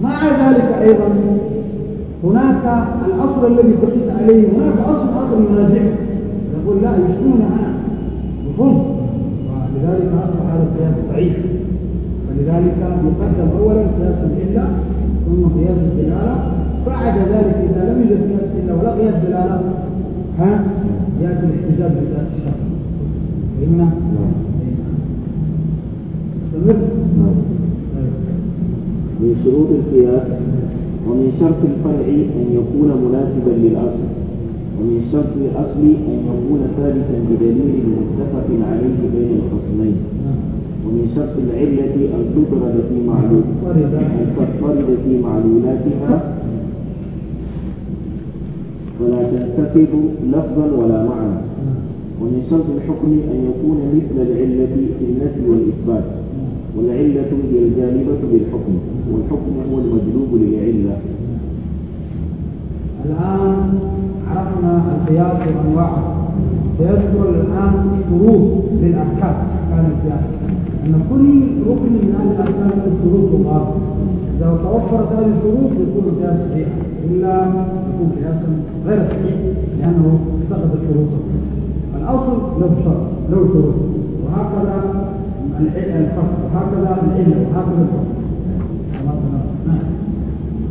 Speaker 1: مع ذلك ايضا هناك الاصل الذي بقيت عليه هناك اصل اخر ينازعه يقول لا يشكون انا مفهوم ولذلك اصبح هذا القياس ضعيف ولذلك يقدم اولا قياس العله ثم قياس الدلاله بعد ذلك اذا لم يوجد قياس العله ولا قياس الدلاله ها ياتي الاحتجاج بقياس الشرع فهمنا؟ من شروط القياس ومن شرط الفرع أن يكون مناسبا للأصل ومن شرط الأصل أن يكون ثابتا بدليل متفق عليه بين الخصمين ومن شرط العلة أن تطرد في معلول أن تطرد في معلولاتها ولا تنتقد لفظا ولا معنى ومن شرط الحكم أن يكون مثل العلة في النفي والإثبات والعلة هي الجانبة للحكم والحكم هو المجلوب للعلة الآن عرفنا القياس وأنواعه سيذكر الآن شروط للأحكام كانت جاهزة ان كل ركن من هذه الاركان في شروط وقاعد اذا توفرت هذه الشروط يكون القياس صحيحا الا يكون قياسا غير صحيح لانه فقد الشروط الاصل له شرط له شروط وهكذا الفرق وهكذا العلم وهكذا الفرق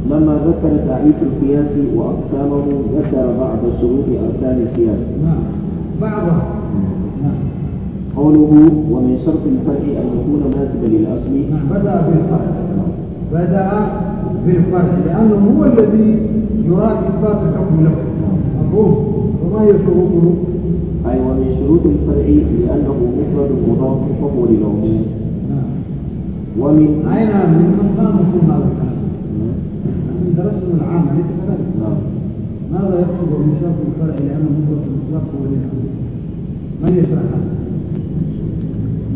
Speaker 1: لما ذكر تعريف القياس واقسامه ذكر بعض شروط اركان القياس نعم
Speaker 2: بعضها نعم
Speaker 1: قوله ومن شرط الفتح أن يكون مناسبا للأصل بدأ بالفتح بدأ بالفتح لأنه هو الذي يراد إثبات الحكم له مفهوم وما هي شروطه؟ أي أيوة ومن شروط الفرع لأنه مفرد مضاف فهو للعموم نعم. ومن أين من قام مفهوم هذا الكلام؟ من درسنا العام ليس كذلك؟ نعم. ماذا يقصد من شرط الفرع لأنه مفرد مضاف فهو للعموم؟ من يشرح هذا؟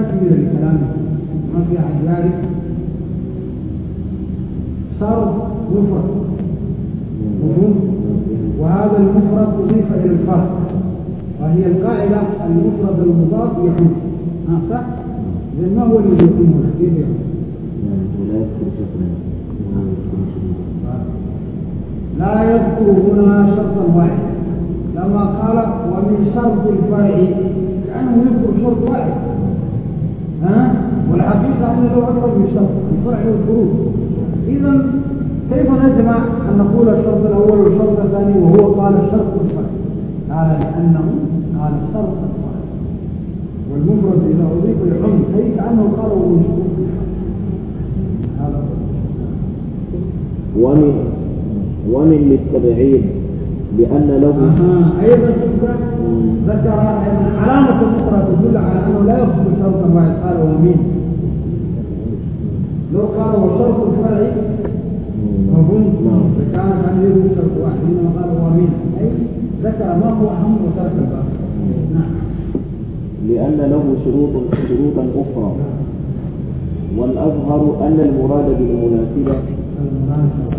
Speaker 1: تكمل الكلام ونفي عن ذلك صار مفرد وهذا المفرد أضيف إلى الفرد وهي القاعدة المفرد المضاف ها صح؟ لأن ما هو اللي يكون كيف إيه؟ إيه. لا يذكر هنا شرطا واحدا لما قال ومن شرط الفرع كأنه يذكر شرط واحد ها والحقيقه ان له عذر من شرط الفرع والفروض إذا كيف نجمع أن نقول الشرط الأول والشرط الثاني وهو قال الشرط الفرع قال لأنه قال الشرط الفرع والمفرد إذا أضيف العم أي كأنه قال وجود هذا ومن ومن للتبعيد لأن له أيضا ذكر علامة أخرى تدل على أنه لا يقصد شرطا ما قال ومين لو قال هو شرط فرعي مظن نعم. فكان كان يريد شرط واحد إنما قال ومين أي ذكر ما هو أهم وترك الباقي نعم لأن له شروط شروطا أخرى نعم. والأظهر أن المراد بالمناسبة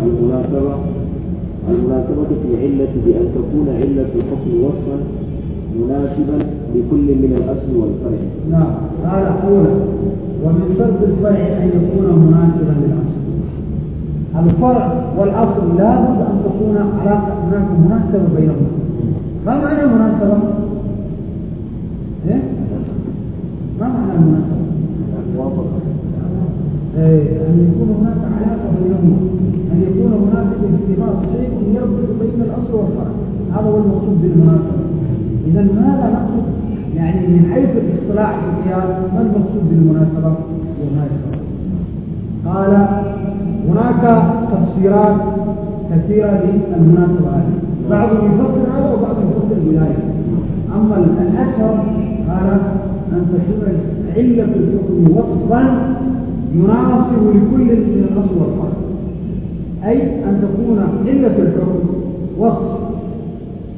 Speaker 1: المناسبة المناسبة في العلة بأن تكون علة الحكم وصفا مناسبا لكل من الأصل والفرع. نعم هذا أولا ومن شرط الفرع أن يكون مناسبا للأصل. الفرع والأصل لابد أن تكون علاقة هناك مناسبة بينهما. ما معنى مناسبة؟ إيه؟ ما معنى مناسبة؟ أن يكون هناك علاقة بينهما أن يكون هناك ارتباط شيء يربط بين الأصل والفرع هذا هو المقصود بالمناسبة إذا ماذا نقصد يعني من حيث الاصطلاح في القياس ما المقصود بالمناسبة والمناسبة قال هناك تفسيرات كثيرة للمناسبة هذه بعضهم يفسر هذا وبعضهم يفسر الولاية أما الأشهر قال أن تكون علة الحكم وصفا يناصب لكل الأصل والفرق أي أن تكون قلة الحكم وصف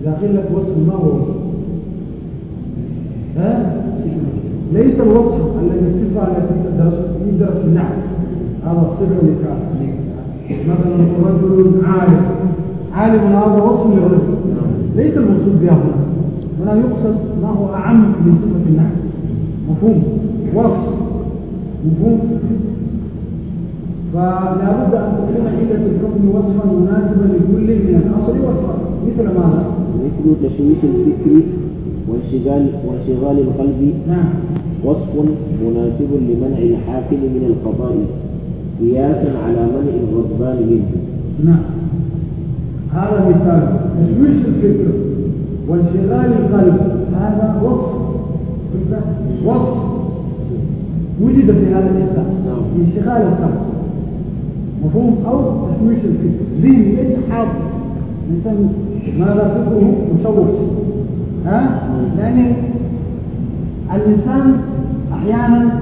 Speaker 1: إذا قلة وصف ما هو ها؟ ليس الوصف الذي الصفة التي تدرس في النحو هذا الصفة لكافر مثلا رجل عالم عالم هذا وصف لغيره ليس المقصود بها هنا هنا يقصد ما هو أعم من صفة النحو مفهوم وصف نجوم فلا بد أن تكون علة الحكم وصفا مناسبا لكل من الأصل والفرع مثل ماذا؟ مثل تشويش الفكر وانشغال وانشغال القلب نعم وصف مناسب لمنع الحاكم من القضاء قياسا على منع الغضبان منه نعم هذا مثال تشويش الفكر وانشغال القلب هذا وصف وصف وجد في هذا نعم. في انشغال القلب مفهوم أو تشويش الفكر ذهن ليس حاضر الإنسان ماذا فكره مشوش ها؟ نعم. لأن الإنسان أحيانا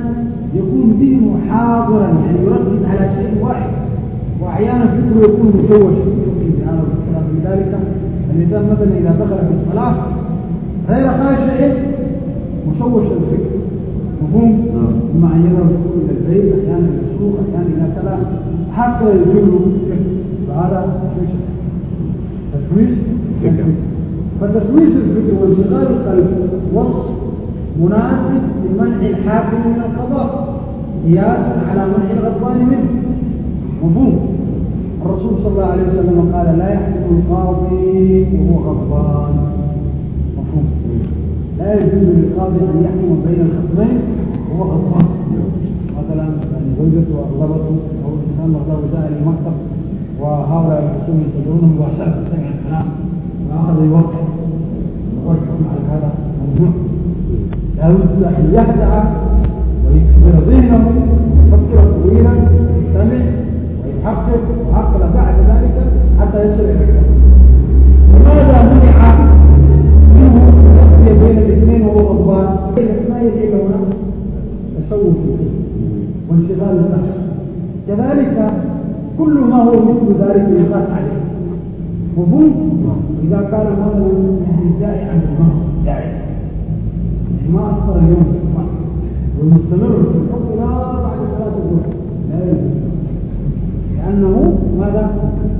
Speaker 1: يكون ذهنه حاضرا يعني يركز على شيء واحد وأحيانا فكره يكون مشوش لذلك الإنسان مثلا إذا دخل في الصلاة غير خاشع مشوش الفكر مفهوم معينة وصول إلى البيت أحيانا السوق أحيانا إلى كذا حتى يجلوا فهذا تشويش تشويش فتشويش الفكر وانشغال القلب وصف مناسب لمنع الحاكم من القضاء قياسا على منع الغضبان منه مفهوم الرسول صلى الله عليه وسلم قال لا يحكم القاضي وهو غضبان لا يجوز للقاضي أن يحكم بين الخصمين هو غضبان مثلا يعني زوجته أغضبته أو الإنسان أغضبه جاء المكتب وهؤلاء الخصوم يصدرون مباشرة سمع الكلام فأخذ يوقف ويحكم على هذا الموضوع لا يجوز أن يخدع ويكبر ذهنه ويفكر طويلا يستمع ويحقق وعقل بعد ذلك حتى يصل إلى الحكم ما تشوش وانشغال النفس كذلك كل ما هو مثل ذلك يقاس عليه مفهوم إذا كان هذا الداعي عن المرء داعي ما أكثر اليوم
Speaker 2: ومستمر في الحكم
Speaker 1: لا بعد صلاة لا يجوز لأنه ماذا؟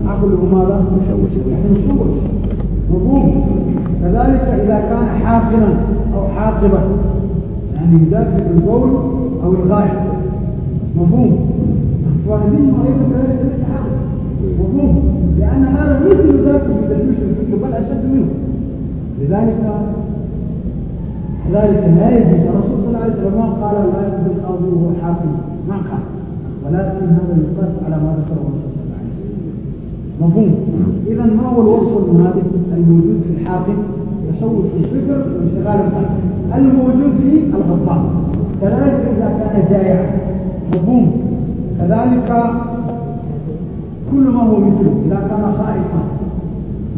Speaker 1: عقله ماذا؟ مشوش مشوش مفهوم كذلك إذا كان حاقنا أو حاقبة يعني يدافع القول أو الغاية مفهوم وهذه المعرفة كذلك ليس مفهوم لأن هذا ليس يدافع بتدريس المشرك بل أشد منه لذلك لذلك لا يجوز الرسول صلى الله عليه وسلم قال لا يجوز القاضي وهو حاكم ما قال ولكن هذا يقاس على ما ذكره مفهوم إذا ما هو الوصف المناسب الموجود في الحاقد يصور في الفكر وانشغال القلب الموجود في الغطاء كذلك إذا كان جائعا مفهوم كذلك كل ما هو مثله إذا كان خائفا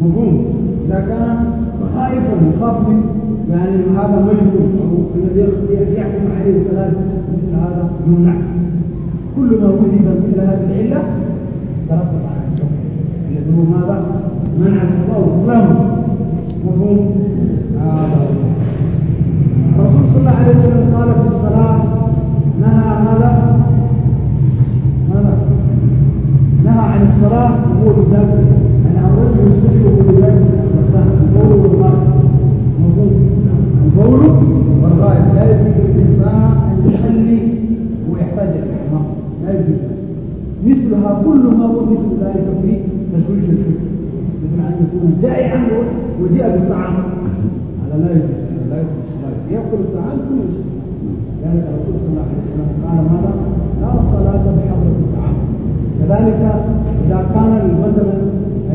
Speaker 1: مفهوم إذا كان خائفا يخاف من يعني هذا مجنون أو الذي يحكم عليه كذلك مثل هذا يمنع كل ما وجد مثل هذه العلة ترتب انه ماذا؟ منع التطاول له مفهوم الرسول صلى الله عليه وسلم قال في الصلاه نهى ماذا؟ ماذا؟ نهى عن الصلاه وهو بذلك ان الرجل يصلي وهو بذلك القول مفهوم القول والغايه لا يجوز للانسان ان يصلي ويحتاج الى لا يجوز مثلها كل ما هو مثل ذلك في تشويش الفكر لكن أن يكون جائعا وجيء بالطعام على لا يجوز لا يجوز يأكل الطعام كل شيء لذلك الرسول صلى الله عليه وسلم قال ماذا؟ لا صلاة بحضرة الطعام كذلك إذا كان مثلا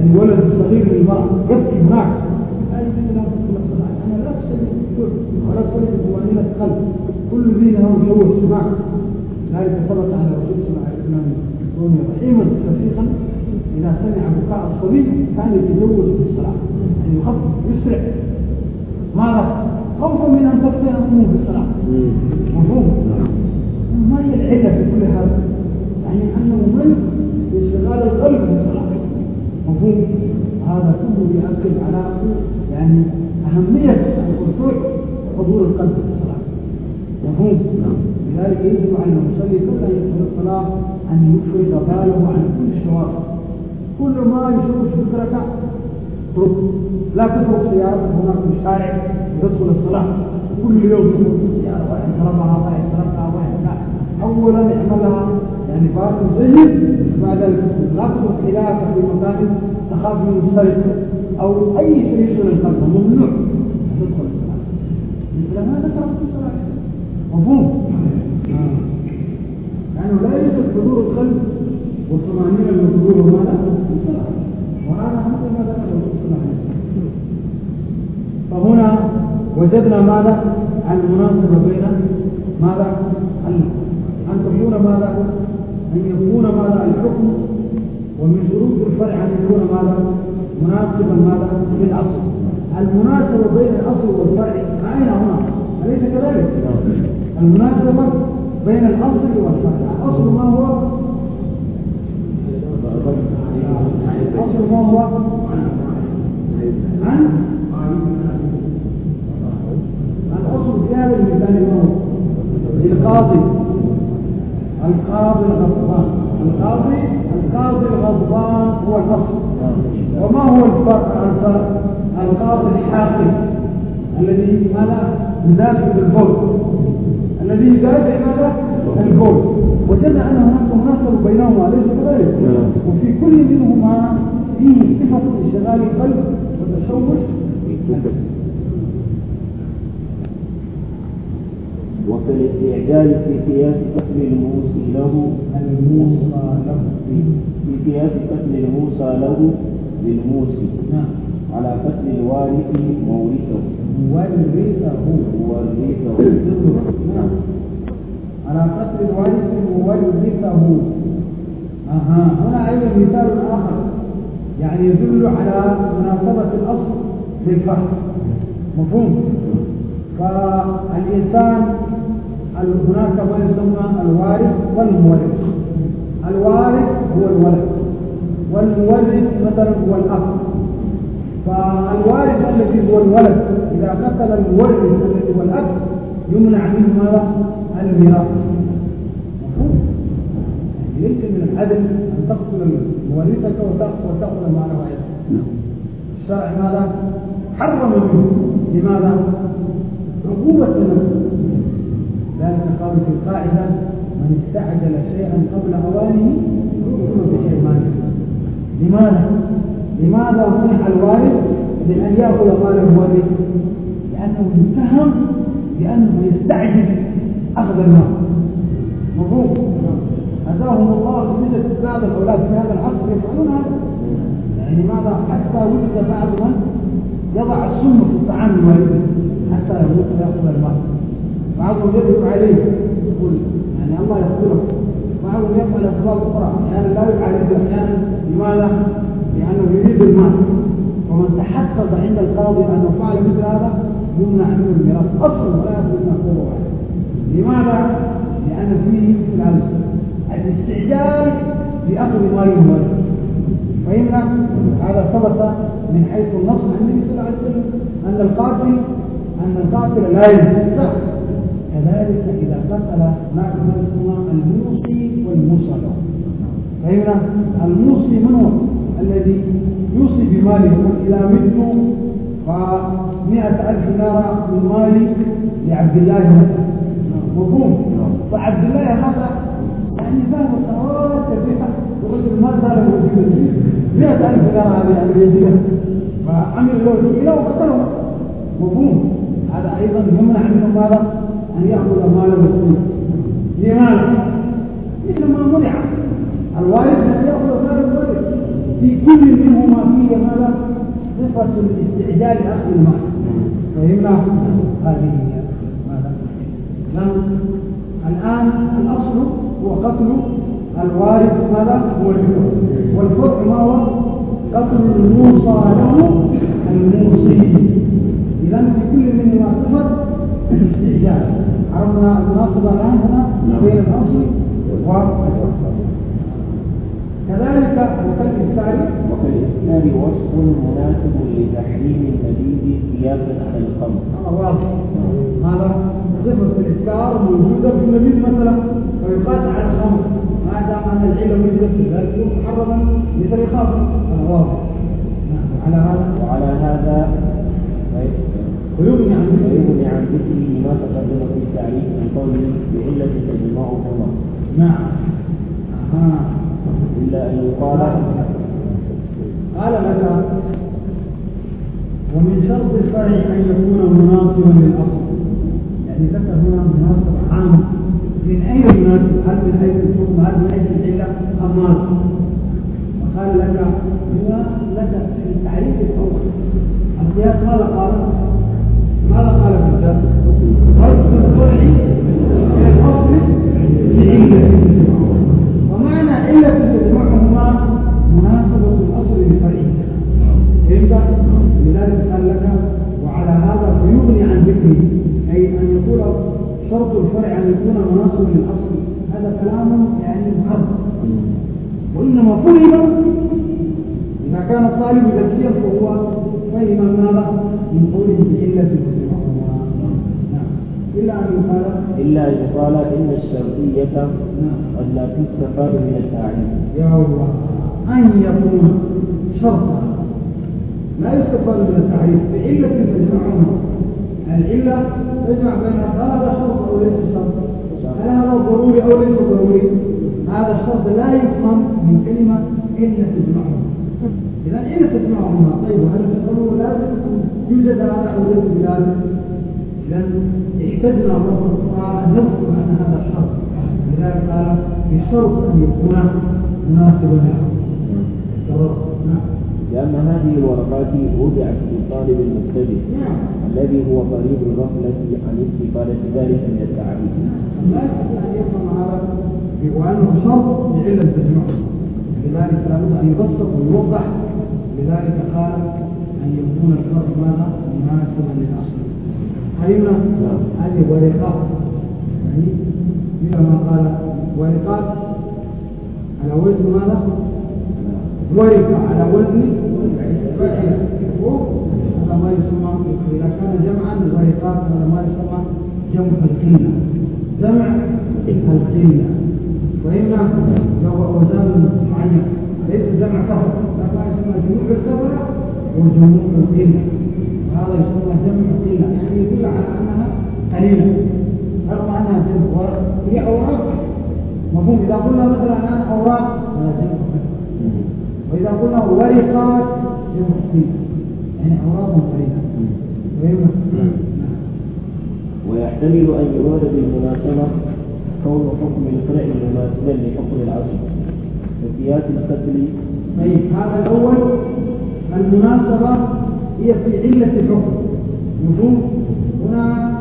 Speaker 1: الولد الصغير للمرأة يبكي معك أنا لا أقصد الكل ولا أقصد بطمأنينة القلب كل ذي له شوش معك ذلك ثبت على الرسول صلى الله عليه وسلم كونه رحيما شفيقا إذا سمع بكاء الصبي كان يتزوج بالسرعة يعني يخفف يسرع ماذا؟ خوفا من أن تبقي أمه بالسرعة مفهوم؟ ما هي العلة في كل هذا؟ يعني أنه من انشغال القلب بالصلاة مفهوم؟ هذا كله يؤكد على يعني أهمية الخشوع وحضور القلب بالصلاة مفهوم؟ لذلك يجب على المصلي قبل أن يدخل الصلاة أن يفرغ باله عن كل الشواغل كل ما يشوف فكرك اترك لا تترك سيارتك هناك في الشارع وتدخل الصلاة كل يوم تترك سيارة واحد ضربها واحد ضربها واحد أولا اعملها يعني باطل جيد بعد ذلك لا تترك خلافك في مكان تخاف من السرقة أو أي شيء يشغل القلب ممنوع تدخل الصلاة مثل هذا في الصلاة مفهوم لأنه نعم. يعني لا يوجد حضور القلب والطمأنينة المطلوبة ماذا؟ وهذا مثل ما ذكر فهنا وجدنا ماذا؟ المناسبة بين ماذا؟ أن تكون ماذا؟ أن يكون ماذا؟ الحكم ومن شروط الفرع أن يكون ماذا؟ مناسبا ماذا؟ في الأصل المناسبة بين الأصل والفرع أين هنا؟ أليس كذلك؟ المناسبة بين الأصل والفرع الأصل ما هو؟ الأصل هو عن الأصل كامل من كلمة القاضي القاضي الغضبان القاضي القاضي الغضبان هو الأصل وما هو الفرق عن فرق القاضي الحاكم الذي ملا يناسب الحكم الذي يدافع ماذا الجول وجدنا ان هناك مناصر بينهما ليس كذلك نعم. وفي كل منهما فيه صفه انشغال القلب والتشوش وفي الاعجال في قياس قتل الموسى له الموصى له في قياس قتل الموصى له للموسى نعم. على قتل الوارث مورثه ورثه ورثه على قتل الوارث ورثه أها هنا أيضا مثال آخر يعني يدل على مناسبة الأصل بالفحص مفهوم فالإنسان هناك ما يسمى الوارث والمورث الوارث هو الولد والمورث مثلا هو الأب فالوارث الذي هو الولد إذا قتل الورث الذي هو الأب يمنع منه ماذا؟ الميراث يمكن يعني من العدل أن تقتل ورثك وتأخذ ما روايته الشرع ماذا؟ حرم الجهود لماذا؟ عقوبة له لذلك قالوا في القاعدة من استعجل شيئا قبل أوانه يكون بشيء ماله لماذا؟ لماذا منح الوالد من أن يأكل طالب الوالد لأنه يتهم بأنه يستعجل أخذ المال مفهوم؟ أتاهم الله مثل بعض الأولاد في هذا العصر يفعلون هذا يعني لماذا حتى وجد بعض من يضع السم في الطعام الوالد حتى يموت ياخذ المال بعضهم يدعو عليه يقول يعني الله يغفره بعضهم يفعل أسباب أخرى أحيانا لا يفعل أحيانا لماذا؟ لأنه يريد المال ومن تحقق عند القاضي أنه فعل مثل هذا يمنع منه الميراث أصلا ولا يخرج مقبول عليه لماذا؟ لأن فيه مثل الاستعجال لأخذ ما يهمل فإن هذا ثبت من حيث النص عن النبي صلى الله عليه وسلم أن القاتل أن القاتل لا يزال كذلك إذا قتل ما اسمها الموصي والموصى فإن الموصي من هو؟ الذي يوصي بماله إلى منه فمئة ألف نارة من مالي لعبد الله مفهوم فعبد الله هذا يعني فهم الثروات كبيرة الرجل ما زال موجودا مئة ألف نارة هذه اليدية فعمل له الكيلة وقتله مفهوم هذا أيضا يمنع منه ماذا أن يأخذ ماله مسلم لماذا؟ إنما منع الوالد أن يأخذ ماله الوالد في كل منهما فيه ماذا؟ صفة الاستعجال أخذ المال فهمنا هذه هي ماذا؟ نعم. الآن الأصل هو قتل الوارث ماذا؟ هو الجوع والفرع ما هو؟ قتل الموصى له الموصي إذا في كل منهما صفة الاستعجال عرفنا المناسبة الآن هنا بين الأصل والفرع كذلك مثل الثاني وفي ثاني وصف مناسب لتحريم المزيد قياسا على الخمر آه، هذا صفة الإسكار موجودة في المزيد مثلا ويقاس على الخمر ما دام أن العلة وجدت ذلك محرما مثل الخمر هذا آه، واضح نعم، على هذا وعلى هذا طيب. ويغني عن ويغني عن ذكره ما تقدم في التعريف من قوله بعلة تجمعه نعم آه. إلا أن يقال قال لك ومن شرط الفرع أن يكون مناصبا للأصل يعني ذكر هنا مناصب عام من أي مناسب هل من حيث الحكم هل من حيث العلة أم ماذا فقال لك هو لك في التعريف الأول القياس ماذا قال؟ ماذا قال في الدرس؟ فرق الفرع من الأصل للعلة مناسبة الأصل للفريق امتى؟ لذلك قال لك وعلى هذا فيغني عن ذكره أي أن يكون شرط الفرع أن يكون مناسب للأصل هذا كلام يعني مخرب وإنما فهم إذا كان الطالب ذكيا فهو فهم ماذا؟ من قوله بعلة نعم. إلا أن يقال إلا أن يقال إن الشرطية نعم. قد لا تستفاد من التعريف يا الله أن يكون شرطا لا يستفاد من التعريف بعلة تجمعها العلة تجمع بين هذا شرط أو ليس شرط هل هذا ضروري أو ليس ضروري هذا الشرط لا يفهم من كلمة إن تجمعهما إذا إن تجمعهما طيب هل تقولوا لا يوجد هذا أو ليس بذلك إذا احتجنا الله سبحانه أن أن هذا الشرط لذلك قال بشرط أن يكون مناسبا لها لأن هذه الورقات وضعت للطالب المبتدئ الذي هو قريب الغفلة عن استقالة ذلك من التعريف. لا يستطيع أن يفهم هذا وأنه شرط لعلة التجمع. لذلك لابد أن يبسط ويوضح لذلك قال أن يكون الفرق ماذا؟ مناسبا للأصل. فهمنا هذه ورقات يعني مثل ما قال ورقات على وزن ماذا؟ ورث على وزن فعل هذا ما يسمى إذا كان جمعا ورث هذا ما يسمى جمع القيلة جمع القيلة وإما لو وزن معينة ليس جمع كفر ما يسمى جموع الكفر وجموع القيلة هذا يسمى جمع قيلة يعني يدل على أنها قليلة هل معناها جمع هي أوراق مفهوم إذا قلنا مثلا الآن أوراق هذا جمع وإذا قلنا ورقات يمسكين يعني أوراق
Speaker 2: ورقة
Speaker 1: ويحتمل أن يراد بالمناسبة كون حكم الفرع مناسبا لحكم العصر وقياس القتل طيب هذا الأول المناسبة هي في علة الحكم نشوف هنا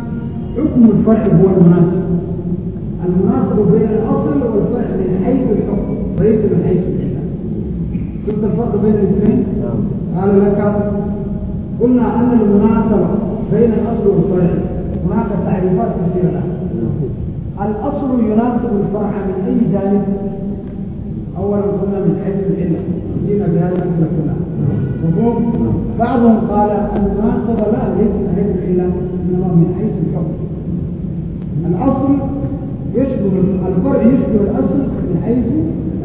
Speaker 1: حكم الفرع هو المناسب المناسب بين الأصل والفرع من حيث الحكم وليس من حيث العلة شفت الفرق بين الاثنين نعم. قال لك قلنا ان المناسبه بين الاصل والفرع هناك تعريفات كثيره نعم. الاصل يناسب الفرع من اي جانب اولا قلنا من حيث العله جينا بهذا الجمله كله مفهوم نعم. بعضهم قال المناسبه لا ليس من حيث العله انما من حيث الحكم الاصل يشبه الفرع يشبه الاصل من حيث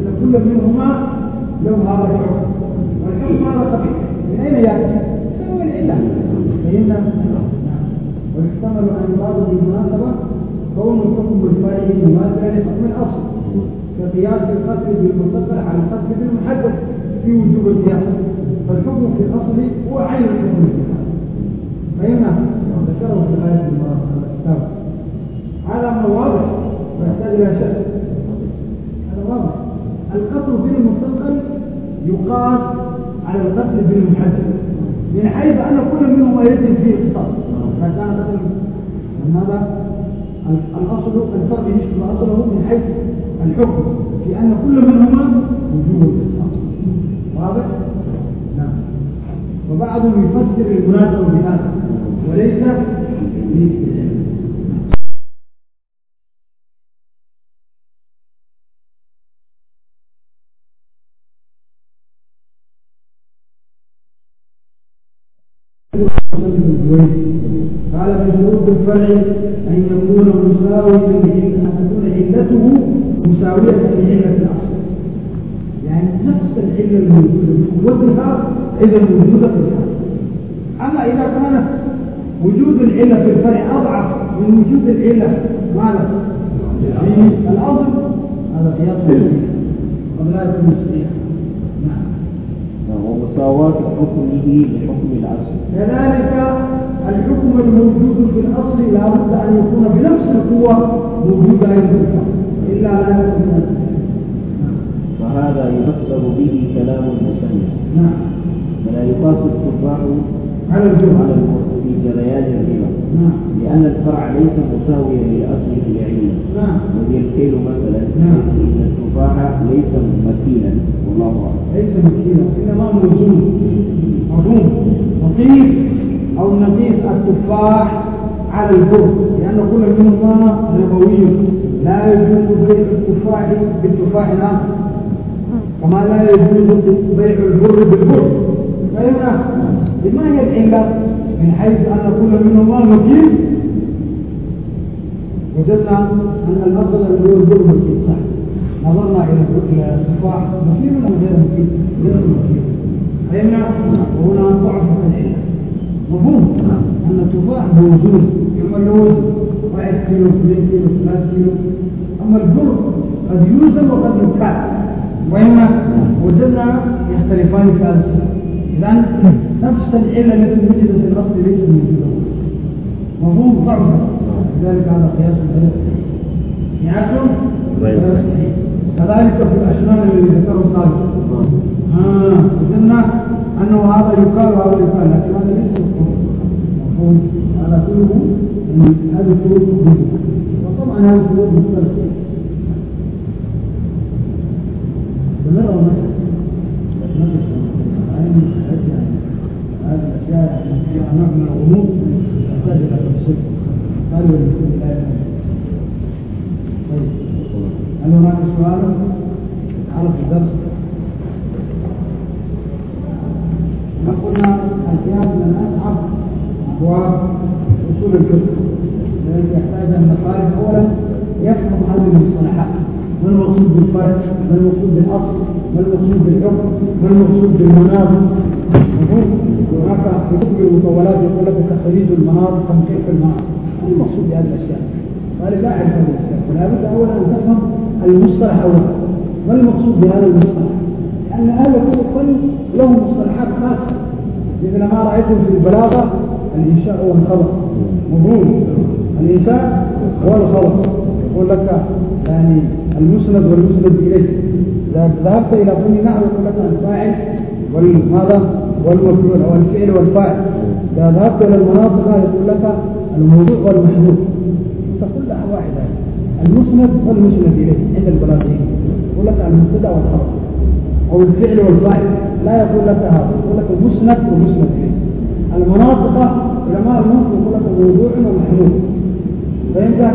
Speaker 1: ان كل منهما لو هذا الحكم والحكم هذا قبيح من اين ياتي؟ يعني؟ هو العله فهمنا ويحتمل ان يراد بالمناسبه كون الحكم الفرعي مماثلا لحكم الاصل كقياس القتل بالمطلق على القتل بالمحدد في وجوب القياس فالحكم في الاصل هو عين الحكم فهمنا ذكر ابن المحدد من حيث أن كل منهما يدري فيه قصاص فكان ان هذا الأصل الفرق يشكل أصله من حيث الحكم في أن كل منهما وجوه الاقتصاد واضح؟ نعم وبعضهم يفسر المناسبة بهذا وليس قال فشروط الفرع أن يكون مساوي أن تكون علته مساوية لعلة الأصل يعني نفس العلة الموجودة في قوتها إذا موجودة في الفرع أما إذا كانت وجود العلة في الفرع أضعف من وجود العلة ماذا؟ في الأصل هذا قياس قبل لا يكون صحيح مساواة حكمه لحكم الأصل كذلك الحكم الموجود في الأصل لا بد أن يكون بنفس القوة موجودة أيضا إلا لا يكون وهذا يفسر به كلام المسلم نعم ولا يقاس التباع على الجهل على الجهل جريان الرمى نعم. لأن الفرع ليس مساويا لأصله نعم وهي الكيل مثلا نعم إن التفاح ليس متينا والله أعلم ليس متينا إنما موزون عظوم نقيس أو نقيس التفاح على البر لأن كل منهما نبوي لا يجوز بيع التفاح بالتفاح الآخر كما لا يجوز بيع البر بالبر فهنا ما هي العلة من حيث أن كل من الله مكين وجدنا أن المصدر اللي هو الجبن مكين صح نظرنا إلى كل صفاح مكين ولا غير مكين غير مكين فهمنا وهنا ضعف العلة مفهوم أن التفاح موجود اللون واحد كيلو اثنين كيلو ثلاث كيلو أما البر قد يوزن وقد يكاد وإما وجدنا يختلفان في هذا إذا نفس العلة التي وجدت في الأصل ليس موجودة مفهوم ضعفها لذلك هذا قياس قياسه غير كذلك في الأشمال الذي ذكره صالح ها قلنا أنه هذا يقال وهذا يقال لكن هذا ليس مفهوم هذا كله هذه شروط وطبعا هذه الشروط مختلفة بلغوا لا فيها معنى غموض يحتاج الى تفصيل قالوا لكل ايه هل هناك سؤال تعرف الدرس قلنا الجهاد من اصعب ابواب اصول الفقه الذي يحتاج ان الطالب اولا يفهم هذه المصطلحات ما المقصود بالفرد ما المقصود بالاصل ما المقصود بالحكم ما المقصود بالمناظر هناك في كتب المطولات يقول لك تخريج المهار تنقيح المهار ما المقصود بهذه الاشياء؟ قال لا اعرف هذه الاشياء فلا بد اولا ان تفهم المصطلح اولا ما المقصود بهذا المصطلح؟ لان اهل الفن له مصطلحات خاصه مثل ما رايتم في البلاغه الانشاء والخبر مبروم الانشاء هو الخبر يقول لك يعني المسند والمسند اليه اذا ذهبت الى كل نحو يقول لك الفاعل والهذا والمفعول والفعل والفاعل إذا ذهبت إلى المناطق يقول لك الموضوع والمحدود تقول لها واحدة المسند والمسند إليه عند البلاغيين يقول لك المبتدا والخبر أو الفعل والفاعل لا يقول لك هذا يقول لك المسند والمسند إليه المناطق علماء المنطق يقول لك موضوع ومحدود فهمت؟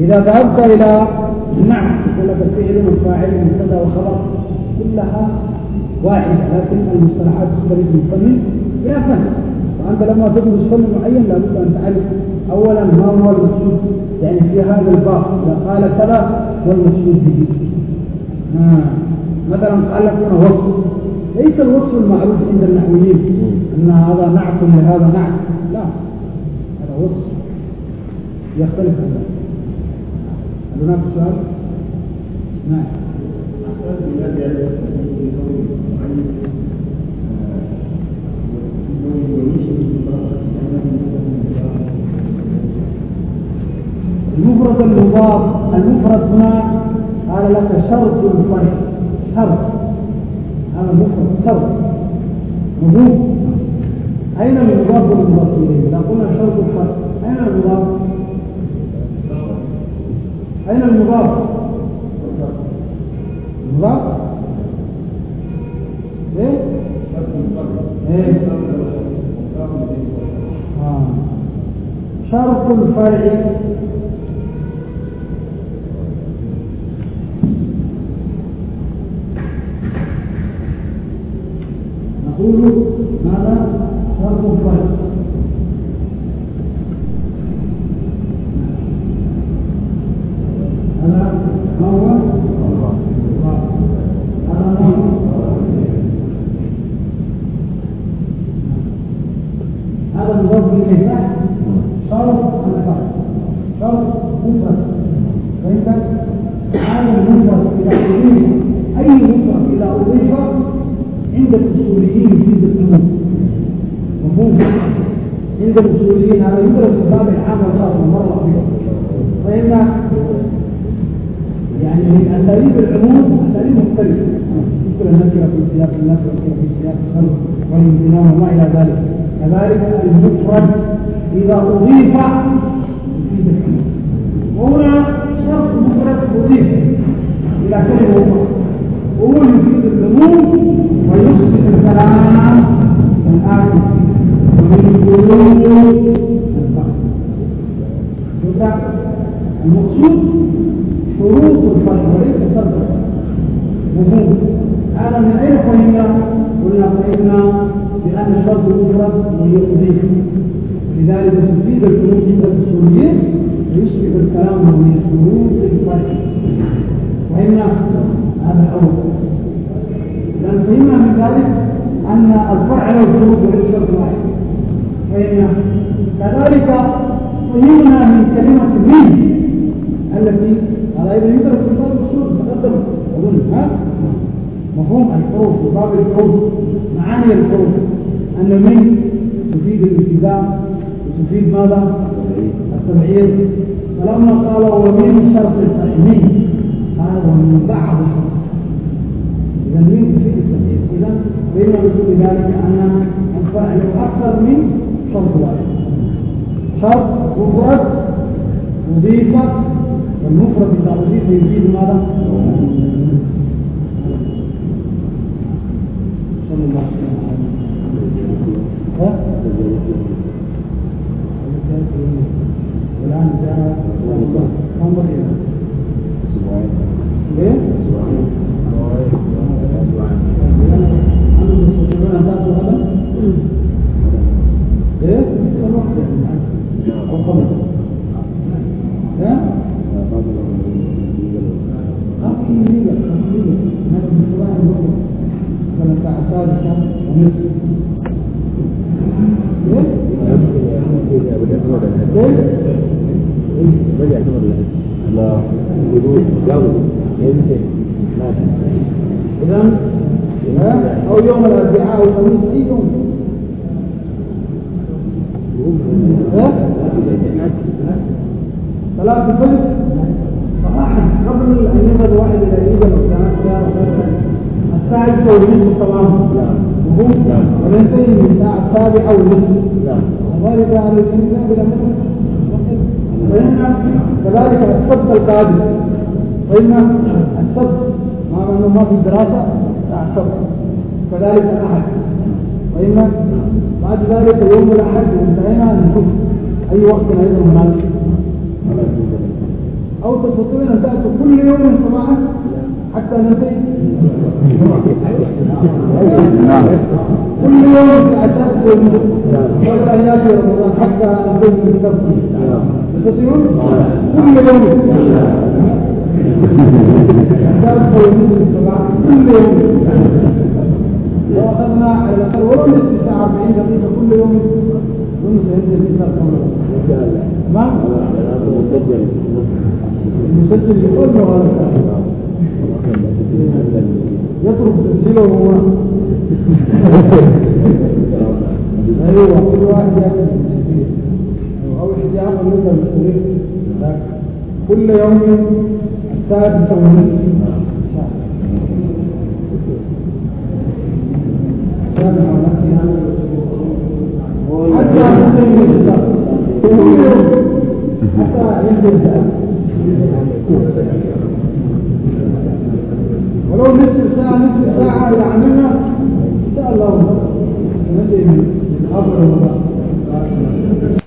Speaker 1: إذا ذهبت إلى نعم يقول لك الفعل والفاعل والمبتدا والخبر كلها واحدة لكن المصطلحات تختلف من فن إلى فن وأنت لما تدرس فن معين لابد أن تعرف أولا ما هو المقصود يعني في هذا الباب إذا قال كذا هو المقصود به نعم. مثلا قال لك هنا وصف ليس الوصف المعروف عند النحويين أن هذا نعت لهذا نعت لا هذا وصف يختلف عن ذلك هل هناك سؤال؟ نعم المفرد المضاف المفرد هنا قال لك شرط الفرد شرط هذا مفرد شرط مضاف أين المضاف والمضاف إليه؟ إذا قلنا شرط الفرد أين المضاف؟ أين المضاف؟ المضاف؟ إيه؟ إيه؟ شرط الفرع نقول ماذا شرط الفرع الإهداء شرط الأفعال شرط مفرد فإذا هذا المفرد إذا أضيف أي مفرد إذا أضيف عند الأصوليين يفيد العموم مفهوم عند الأصوليين هذا يدرس في باب العام والخاص مرة اخرى فإن يعني اساليب العموم أساليب مختلفة مثل النكرة في سياق النكرة في سياق الخلق والامتنان وما إلى ذلك كذلك المفرد إذا أضيف في تكليف وهنا شرط المفرد أضيف إلى كلمة أخرى وهو يفيد الذنوب ويصبح الكلام الآتي
Speaker 2: ومن المقصود شروط الفرد وليس الفرد وجود
Speaker 1: هذا من أين قلنا قلنا فهمنا بأن الشرط الأخرى وهي ويقضيه لذلك تفيد في السوريين ويشبه الكلام من شروط الفرد فهمنا هذا الأول لأن فهمنا من ذلك أن الفرع له شروط وليس شرط واحد فهمنا كذلك فهمنا من كلمة مين التي على إذا يدرك في باب الشروط تقدم أظن ها مفهوم الحروف وباب الحروف معاني الحروف أن من تفيد الابتداع وتفيد ماذا؟ التبعير فلما قال ومن شرط التحميل قال ومن بعض شرط إذا من تفيد التبعير إذا بين وجود ذلك أن الفاعل أكثر من شرط واحد شرط مفرد مضيفة والمفرد إذا أضيف يزيد ماذا؟ صلى الله عليه وسلم ها؟ والآن جاء انظر إلى ليه؟ ايه؟ الوقت يعني القمر ها؟ تقريبا تقريبا هذا من سواء
Speaker 2: الوقت فلما تعتاد الشمس ونصف
Speaker 1: لا إذا أو يوم الأربعاء أو الخميس أي يوم صلاة الفجر صباحا قبل أن يذهب واحد إلى يوم الأربعاء الساعة السادسة والنصف طبعا وهم وليس من الساعة السابعة والنصف وارد على الجميع بلا فإن كذلك الصدق القادم فإن الصدق مع أنه ما في دراسة لا الصدق كذلك الأحد وإن بعد ذلك يوم الأحد انتهينا عن الكفر أي وقت أيضا هناك أو تستطيعون أن تأتوا كل يوم صباحا حتى النبي كل يوم أشد قبل أن يأتي رمضان حتى البيت بالتفصيل تستطيعون؟ كل يوم كل يوم لو أخذنا على الأقل ولو نصف ساعة 40 دقيقة كل يوم ونصف هذه الساعة إن شاء الله تمام؟ مسجل مسجل يقول له يترك
Speaker 2: تسجيله هو ايوه كل واحد
Speaker 1: يعمل تسجيل او واحد يعمل مثل الشريك كل يوم الساعه 8 حتى
Speaker 2: حتى ينزل ولو
Speaker 1: نصف ساعة نصف ساعة يعملها يعني إن شاء الله نسي
Speaker 2: من الأمر